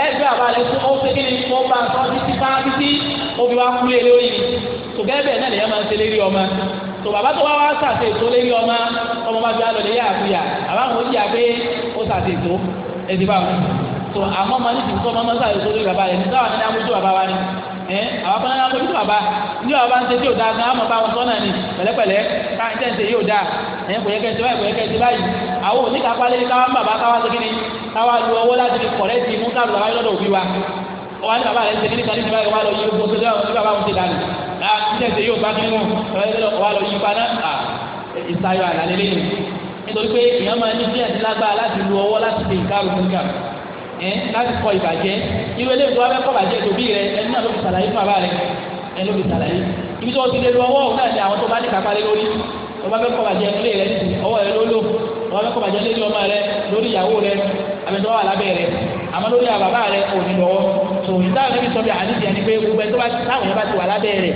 ẹgbẹ́ àbálẹ̀ fún ó fẹ́ kí ni mo bá sọ títí bá títí omi wa kúlé lórí tòkẹ́ bẹ́ẹ̀ náà lèyàn máa ń ṣe lérí ọmọ tò bàbá tó wá wá sàṣe ètò lérí ọmọ ọmọ bá fi alọ̀ lè yá àfihàn àbáwọn ó yà pé ó sàṣe ètò ẹ̀dí báwọn tó àmọ́ máa ní ti kọ́ máa sáré sórí bàbá rẹ̀ nígbà wà ní amójú bàbá wa ni ẹ àwọn kan ní amójú bàbá ní bàbá ń ṣe tí yóò dáa gan àmọ́ bá wọn sọ́nà ni pẹ̀lẹ́pẹ̀lẹ́ ká ń tẹ̀sẹ̀ yóò dáa ẹ kò yẹ kẹ́ ẹ ti báyìí kò yẹ kẹ́ ẹ ti báyìí àwọn òní kápá lé káwá bàbá káwá sí kíni káwá lu ọwọ́ láti fi kọ̀rẹ́ ti mú káàlù bàbá lọ́dọ̀ òbí wa wọ́n ní bàbá rẹ̀ ń ṣe kíni kan ní ìgbà yẹn wà lọ yí gbogbo sọ́dọ̀ ní bàbá wọn ti dànù ní tẹ̀sẹ̀ yóò bá kíni ẹ láti kọ ìbàjẹ́ irú eléyìí tó wá fẹ́ kọ́ bàjẹ́ tòbí rẹ ẹni náà ló fi sàlàyé fún bàbá rẹ ẹni ló fi sàlàyé ibi tó ti lé lu ọwọ́ òun náà ni àwọn tó bá ní kápá lé lórí tó bá fẹ́ kọ́ bàjẹ́ ilé rẹ ní ọwọ́ rẹ ló lò tó bá fẹ́ kọ́ bàjẹ́ lórí ọmọ rẹ lórí ìyàwó rẹ àbẹ̀tọ́ wà lábẹ́ rẹ àmọ́ lórí àbàbà rẹ kò ní lọ́wọ́ tó ìdáhùn níbi sọ́bi àdìsí ẹni pé gbogbo ẹni tó bá táwọn yẹn bá ti wà lábẹ́ rẹ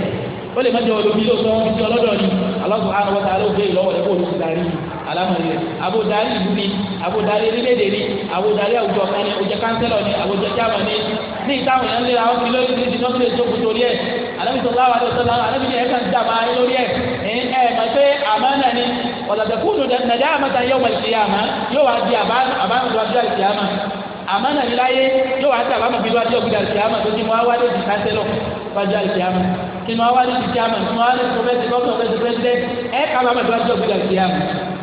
ó lè mẹ́jọ olómi ló sọ ibi ọlọ́dọ̀ ni alọ́sùn àwọn ọ̀tá ló gbé ìlọ́wọ́ rẹ kó o lè ti darí alámọ̀ rẹ àbò darí ìlú ni àbòdarí orílẹ̀-èdè ni àbòdarí àwùjọ kan ni òjẹ kánsẹ́lọ̀ ni àwùjọ jáàmù ni ní ìtàwọn èèyàn léra wọn fi lórí ti náà lè jókòó torí ẹ̀ alábìsọ̀ láwà ló sọ láwà alábìsọ̀ ẹ̀ kàn dàbà lórí ẹ̀ ẹ̀ mọ̀ pé àmánà ni ọ̀làdẹ̀kùnù nàdá àmàtà yóò wà ìṣe àmà yóò wà di àbá àmánà ní láyé yóò wá sí àbámọ̀ bí wájú ọ̀gbìn àlùkìyàmà tó ti mọ awádé ti kánsẹ́lọ̀ wájú àlùkìyàmà kí ni wọ́n awádé ti kíyàmà kí ni wọ́n awádé ti pẹ́sìdẹ́ntì ẹ̀ kábàámọ̀ bí wájú ọ̀gbìn àlùkìyàmà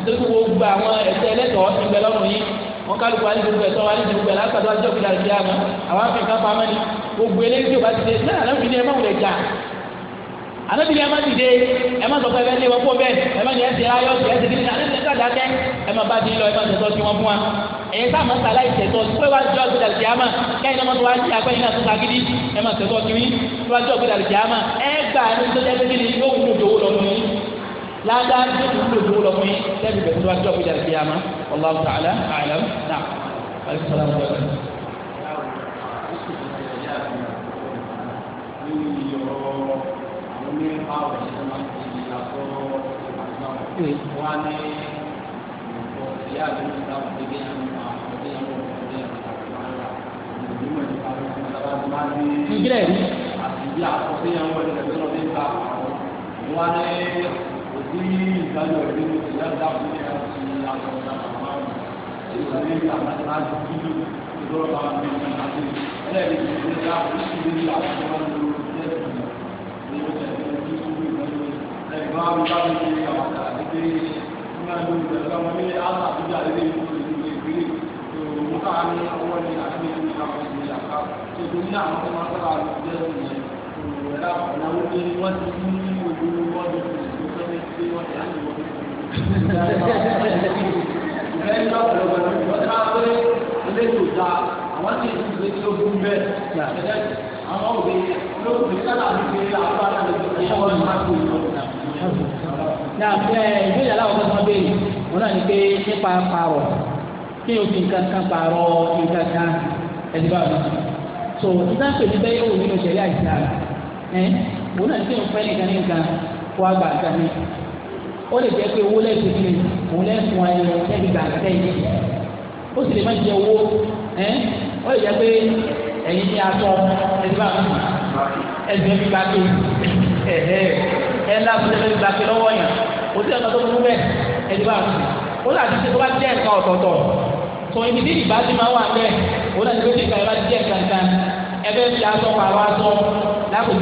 torí kò gbogbo àwọn ẹ̀ṣẹ̀ ẹlẹ́tọ̀ọ́ ti bẹ lọ́rùn yìí wọn kálukú alẹ́ gbogbo ẹ̀tọ́ alẹ́ gbogbo ẹ̀ lásàdó ajọ́ fi làlẹ́ àmọ́ àwọn afi nǹkan pamọ́ ni gbogbo eléyìí tó bá ti dé náà alábi ni ẹ má wulẹ̀ jà alábi ni ẹ má dìde ẹ má sọ̀kọ́ ẹ bẹ lé wọn kó bẹ́ẹ̀ ẹ má ní ẹsẹ̀ ayọ́ ẹsẹ̀ kìíní alẹ́ ní ẹ̀ka dákẹ́ ẹ má bá di lọ ẹ má tẹ̀tọ́ sí wọn fún sáà máa sàlàyé tẹ̀tọ́ pé wá jọ ọ̀gbìn àlùjá mà kẹ́yìn náà wá sí àgbẹ̀yìn náà tó sagídí ẹ má tẹ̀tọ́ kiri wá jọ ọ̀gbìn àlùjá mà ẹ gbà ní tó jẹ́ pé kí ni yóò wúlò dòwó lọ́dún yìí ládàá tí o tún lò dúró lọ fún yín sẹ́bi bẹ̀rẹ̀ tó wá jọ́ bíjà ìgbéyà má Allahu ta'ala a'lam náà wàlú sọlá ń bọ̀. wọ́n á ní ìyá àdúgbò ìdáwọ̀ gbẹgbẹ́ yẹn ní àwọn ọ̀gbẹ́ yẹn wọ̀ ọ̀gbẹ́ yẹn ìgbìmọ̀ ìgbà tó ń bá ní. ìgbìlẹ̀ yìí. àti ìyá àkọsílẹ̀ wọn ni ẹgbẹ́ lọ́dún ta àwọn wọn á ní tí ìdájọ́ ìdí mo ti yá dá fún yàrá sí àwọn ọ̀dà bàbá mi èyí ní ìlú àwọn aláàbò kílò ìdọ́rọ̀ bá mi ní àti ẹlẹ́rìí ti ti dá fún sí ní àwọn ọ̀dà mi ló ti tẹ̀sí ní ó tẹ̀sí ní kí sùn ní ìlú ẹ̀rì bá mi bá mi ṣe àwọn àgbà àdédé fún ẹni ìgbàlódé ọmọ mi ní àwọn àbújá àdédé ìlú ìgbélé òun náà ní ọwọ́ ní àdédé ìlú àwọn ìlú àká ètò ní àwọn ọmọ àwọn tí ìlú ti tó bú bẹ́ẹ̀ ṣẹlẹ̀ àwọn òbí lóògùn sábà ní kiri àgbára lè fi ṣe wọn máa tó ìlú. na ẹ ìbéèrè aláwọ̀ kan tó béèrè wọn náà ní pé nípa pààrọ̀ kí o fi nǹkan kan pààrọ̀ nǹkan kan ẹni bá mi. so nígbà tó ti bẹ́ẹ̀ wò nínú ìṣẹ̀lẹ̀ àìsàn ẹ̀ wọn náà ní pé òun fẹ́ nìkan nìkan kó a gbà nǹkan mi ó lè jẹ́ pé owó lẹ́sìn kiri òun lẹ́sùn ayé lẹ́bi gàǹtẹ́ yìí ó sì lè má jẹ owó ẹ́ ó lè jẹ́ pé ẹ̀yin ní aṣọ ẹ̀sìn bá mi ẹ̀sìn ẹ̀mí bá ké ẹ̀ẹ́ ẹ̀ ńlá fún ẹ̀mí bá ké lọ́wọ́ yẹn kò sí ọ̀nà tó fún bẹ́ẹ̀ ẹ̀sìn bá mi ó lè àti ṣe tó bá jẹ́ nǹkan ọ̀tọ̀ọ̀tọ̀ tó ibi tí ìbá ti máa wà bẹ́ẹ̀ ó lè ní pé nǹkan jẹ́ nǹkan kan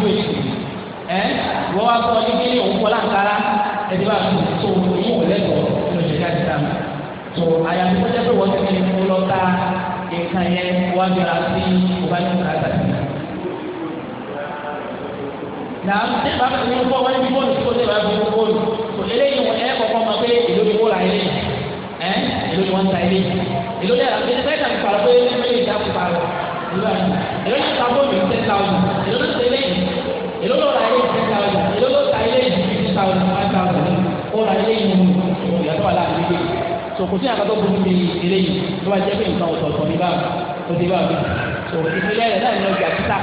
ẹ ẹ wọ́n wá kọ́ ní kílí òun kọ́ láǹkárá ẹtí bá tó tó yíwò lẹ́tọ̀ọ́ nínú ìṣẹ̀dá ti dàmú. tó àyàfi kó jẹ́ pé wọ́n ti fi mú lọ ta nǹkan yẹn wá jọra sí ọba ní ọ̀gá àgbà sí. nà ṣé bàbá mi ń bọ̀ wọ́n ní bọ́ọ̀lù tó ṣe bàbá mi ń bọ́ọ̀lù tó eléyìí wọn ẹ kọ̀ọ̀kan mọ̀ pé èló ni wọ́n ra eléyìí ẹ èló ni wọ́n ta eléyìí èló ni àlàfé ní bẹ́ẹ̀ kàmi pàrọ̀ pé ẹgbẹ́ yìí dá kó pàrọ̀ èló ni àtàkùn mi ten thousand èló ni tẹ̀lé yìí èló ló ra ilé yìí ten thousand èló ló ta ilé yìí fifty thousand five thousand ó ra ilé yìí nínú ìyàtọ̀ aláàbí méjèèjì so kò sí àkàtọ̀ burú bí ilé yìí tó bá jẹ́ pé nǹkan ọ̀tọ̀ọ̀tọ̀ ní báwọn ó ti báwọn bí so ìpínlẹ̀ rẹ̀ náà ní ọjà títà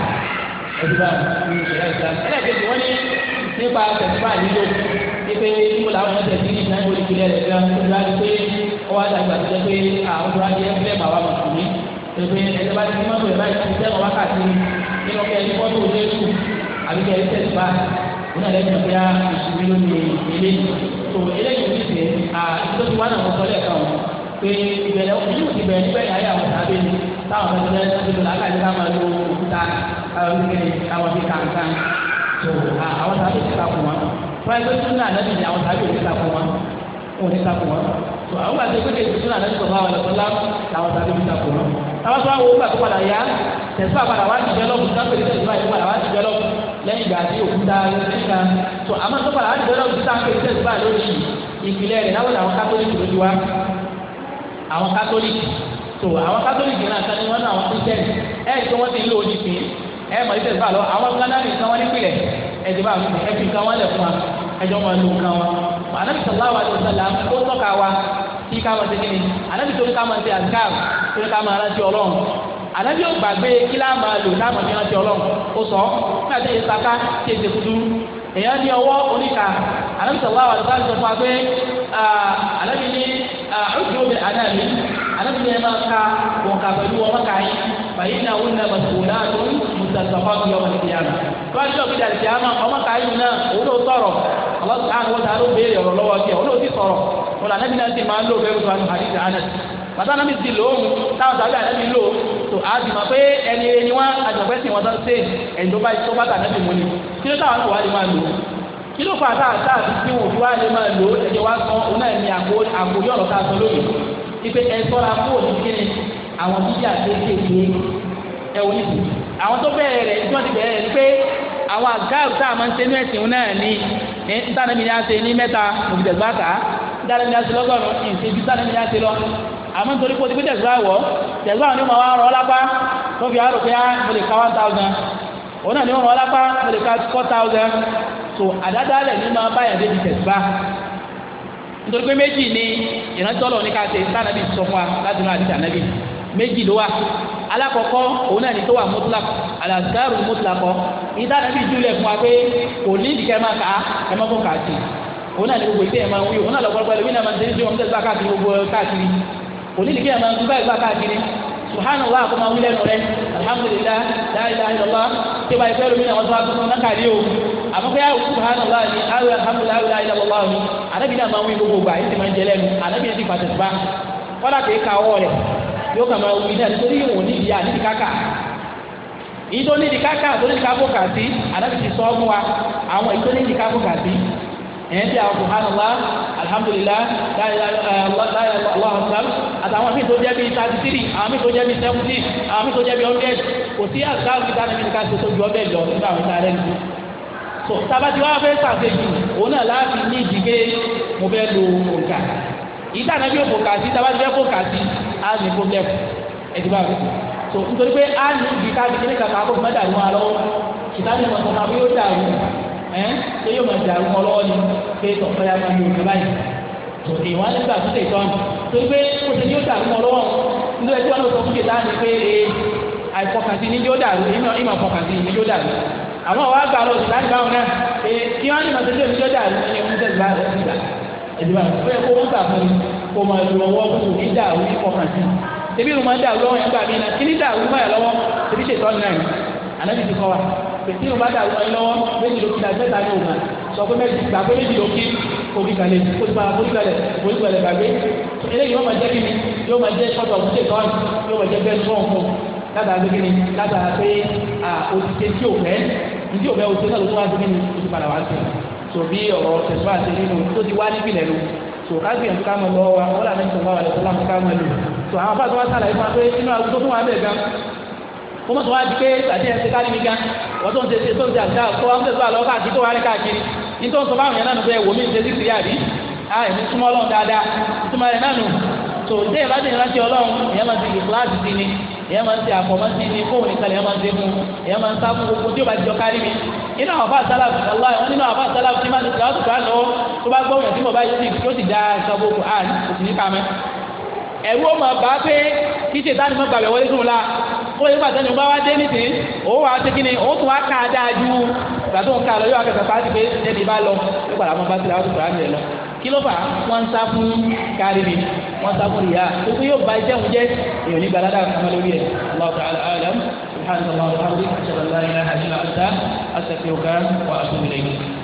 ó ti báwọn ní ìṣẹ̀lẹ̀ ìṣẹ̀lẹ̀ ẹlẹ́ẹ̀kejì wọ́n ní nípa tẹ̀síwá àdíjọ́ pípé níbo làwọn ọ̀nà tẹ̀sí ní ìdájọ́ ìpínlẹ̀ rẹ̀ gan ó ti wá di pé ó wá dàgbà tó jẹ́ pé àwọn tó wá di ẹgbẹ́ bàbá mùsùlùmí pépé ẹ̀jẹ̀ bá ti ní mọ́tò rẹ̀ báyìí ti tẹ́ àbí kẹ́ ẹ tẹ̀sí bá wọn náà lẹ́yìn ọ̀gá ìṣubú ló ní eléyìí tó eléyìí ti sè à tó ti wá náà wọ́n sọ́lẹ̀ kan pé ìbẹ̀rẹ̀ ojú ti bẹ̀rẹ̀ níbẹ̀ yà yà sábẹ́ ni táwọn ọmọ ẹgbẹ́ ti lọ àgbàdo káwọn lo òkúta káwọn kékeré káwọn fi kàǹkà tó àwọn sábẹ́ ti ta fún wọn fún ẹgbẹ́ tó náà lẹ́bi ni àwọn sábẹ́ ti ta fún wọn wọn ti ta fún wọn tó àwọn gbàgbé kékeré tó náà lẹ́bi sọ̀rọ̀ àwọn wọn táwọn lẹ́yìn ìgbà tí òkúta ẹ̀ka tó àmọ́ tó padà láti bẹ̀rẹ̀ òkúta pé ṣe ìgbà lórí ìpìlẹ̀ rẹ̀ láwọn àwọn kátólíkì lójú wa àwọn kátólíkì tó àwọn kátólíkì náà kan ní wọn náà àwọn kírísítẹ́nì ẹ̀ tí wọ́n ti ń lò ó nípìn ẹ̀ mọ̀ ní tẹ̀síbà lọ àwọn gánàmì kan wọ́n nípìlẹ̀ ẹ̀ ti bá àwọn ẹ̀ fi kan wọ́n lẹ̀ fún wa ẹjọ́ wọn lò kan wọn anabi sallallahu alayhi wa sallam ó tọ́ka wa kí ká máa ṣe kí ni anabi tó ká máa ṣe àzikáàrù tó ká máa rántí ọlọ́run ànábì ò gbàgbé kí láà máa lò láàmú ní ọjọ́ ọlọ́run ó sọ fún àti èyí saka tí èsè kudu èèyàn ní ọwọ́ oníka ànábì sọ̀rọ̀ àwọn àdúgbò àti sọ̀fún wa pé ànábì ní ọjọ́ òbí ànábì ànábì ní ẹ máa ka wọn kà pẹ̀lú ọmọ kàáyí bàyí náà wọn náà bàtò wọn náà tó ń mùtàtàkọ́ bí ọmọ nìkìyà náà lọ́jọ́ òbí dàrẹ́ kìá máa ọmọ kàáyí náà òun ló tọ̀rọ̀ ọlọ́sàn-án wọn tà àdìmọ̀ pé ẹni ẹni wọn àdìmọ̀pẹ́ sì wọn sọ́ọ́ ẹni tó bá tó bá tàbí mú ni kí ló táwọn wà lè máa lò kí ló fà á táà tí wọn ò fi wá lè máa lò ẹ̀jẹ̀ wá sọ òun náà ní àkójọ ọ̀rọ̀ tá a sọ lónìí ipe ẹ sọ́ra kúrò ní kíni àwọn bíbí àtẹ́kẹ̀kẹ́ ẹ wò níbi àwọn tó bẹ̀rẹ̀ rẹ̀ tí wọ́n ti bẹ̀rẹ̀ rẹ̀ pé àwọn àgáàrú tá a máa ń ṣe ní ẹ̀sìn náà ni ntànàmì ni a ṣe ní mẹ́ta òbítẹ̀gbáka ntànàmì ni a ṣe lọ́gọ́rùn-ún ìṣèjú ntànàmì ni a ṣe lọ àmọ́ nítorí pé o ti gbé tẹ̀síwá wọ̀ tẹ̀síwá ni mo máa ń rọ lápá tó fi àárò pé ah, mo lè ka one thousand òun náà ni mo rọ lápá mo lè ka four thousand so àdádálẹ̀ ni máa bá yẹn débi tẹ̀síwá nítorí pé méjì ni ìrántí ọlọ́run ní ká ṣe sànàbí sọ fún wa láti náà àdìsí ànábì méjì ló wà alákọ̀ọ́kọ́ òun náà ni tó wà mutlaq alàzikaru mutlaq ìdánàbí júlẹ̀ fún wa pé kò ní ìdíkẹ́ máa kà á ẹ má fún kà á sí òun náà ni gbogbo ìdí ẹ̀ máa ń wí òun náà lọ́pọ̀lọpọ̀ ẹlòmínà máa ń tẹ́lẹ̀ sí wọn tẹ́lẹ̀ bá káàkiri gbogbo káàkiri kò ní ìdíkẹ́ máa gbúgbà ìgbà káàkiri subhana wa kò máa wí lẹ́nu rẹ alhamdulillah la ilaha illallah tí wàá ìfẹ́ lómi náà wọ́n tó wá tó fún nákàlí o àmọ́ pé àwọn subhana wa ni àwọn alhamdulillah la ilaha illallah ni anabi náà máa wí gbogbo gbà yìí ti máa ń jẹ lẹ́nu anabi náà ti fà tẹ̀síba wọ́n láti ka ọwọ́ rẹ̀ yóò kà máa wí náà nítorí ìwọ̀n níbi àníbi káka ìtòníbi káka àtòníbi káfó kà sí anabi ti sọ ọ́ fún wa àwọn ìtòníbi káfó kà sí ẹ̀yẹ́ tí àwọn subhanallah alhamdulillah láyé aláhùn sàm àtàwọn míì tó jẹ́ bíi thirty three àwọn míì tó jẹ́ bíi seventy àwọn míì tó jẹ́ bíi hundred kò sí àtàwọn ìta ní mímíkà tó ju ọbẹ̀ lọ nígbà àwọn ìta rẹ̀ nù. so tabati wa fẹ́ sàkéjì òun náà láti ní ìdígbé mo fẹ́ lo òǹkà ìta náà bí o fòkà sí tabati fẹ́ fòkà sí á ní problem ẹ̀dí bá mi so nítorí pé á ní ìdíkà kékeré kàkà kó fún mẹ́ta ìwọ̀n àlọ́ kìtàbí ẹ ṣé yóò máa dàrú mọ́ lọ́wọ́ ni máa báyìí nígbà tó ṣe tó gbé ní dàrú nígbà tí lọ sọ fún ni pé àìfọkànsí ni yóò dàrú ìmọ̀ fọkànsí ni yóò dàrú àwọn wa gba lọ sùdánì báwọn náà ee kí wọn ní màtí lóyún jọjà ẹni kó gbà fún mi kó máa lu ọwọ́ pèsè ìwà dà wọ́n lọ́wọ́ méjì ló kíta mẹ́ta ní òun sọ pé méjì gbà pé méjì ló kí orí kalẹ̀ orí kalẹ̀ orí kalẹ̀ orí kalẹ̀ gbàgbé eléyìí yóò máa jẹ́ kíni yóò máa jẹ́ sọ́tọ̀ òkúté kan yóò máa jẹ́ bẹ́ẹ̀ tó ọ̀hún látara pé kíni látara pé òtítẹ́ tí ò fẹ́ ìdí ò fẹ́ òtítẹ́ náà ló tó wá sí kíni ó ti padà wá sí so bí ọ̀rọ̀ tẹ̀síwá àti nínú tó ti wá níbí lẹ́nu so ká gbìyànjú ká mọ̀ lọ́wọ́ wa wọ́n làmì sọ̀rọ̀ àwọn àlẹ́ sọ̀rọ̀ àwọn ká mọ̀ lò so àwọn afáàtúwá sàlàyé fún wa pé inú àgùntó fún wa bẹ̀ gan kó mọ̀ tó wá di pé àti ẹ̀ ṣe ká níbi gan wọ́n tó ń ṣe ṣe tó ń ṣe àṣà kó wá ń ṣe sọ́wọ́ káàkiri tó wá ní káàkiri nítorí sọ báwọn yẹn náà nù pé wòmí ṣe sí kiri àbí àìní súnmọ́ ọlọ́run dáadáa súnmọ́ ẹ̀ náà nù tó dé ìbájú ìrántí ọlọ́run ìyẹn máa ń ìkíláàsì sí ni ìyẹn máa ń ṣe àfọmọ́sí ni fóònù nìkan ìyẹn máa ń ṣe fún ìyẹn máa ń sá fún gbogbo tí ó bá jọ kárí mi inú àwọn afáà sálàfù aláì wọn nínú àwọn afáà sálàfù tí máa ń ṣe àwọn àlọ́ tó bá gbọ́ wọ̀nyí tí mo bá yẹ kí ó sì da ìṣàbò kò á kò ní kàmẹ́ ẹ̀rú ó bá pé kí ṣètánì mọ́ gbàgbẹ́ wọlé fún un la ó yẹ gbàtẹ́ ni ó bá wá dé nìsín ó wà á ti kí ni ó tún wá ká a dáa ju gbàtó ń ká lọ yóò akẹ́kọ̀ọ́ pàtì pé ẹni bá lọ ó gbàdá mọ́ bá ti làwọn tó lọ kí ló fà wọ́n ń sá fún kárí mi wọ́n ń sá fún ìyá tó kú yóò ba iṣẹ́ òun jẹ́ èèyàn ní gbàdá dáa kàmá lórí ẹ̀ Allahu ta'ala a'lam subhanahu wa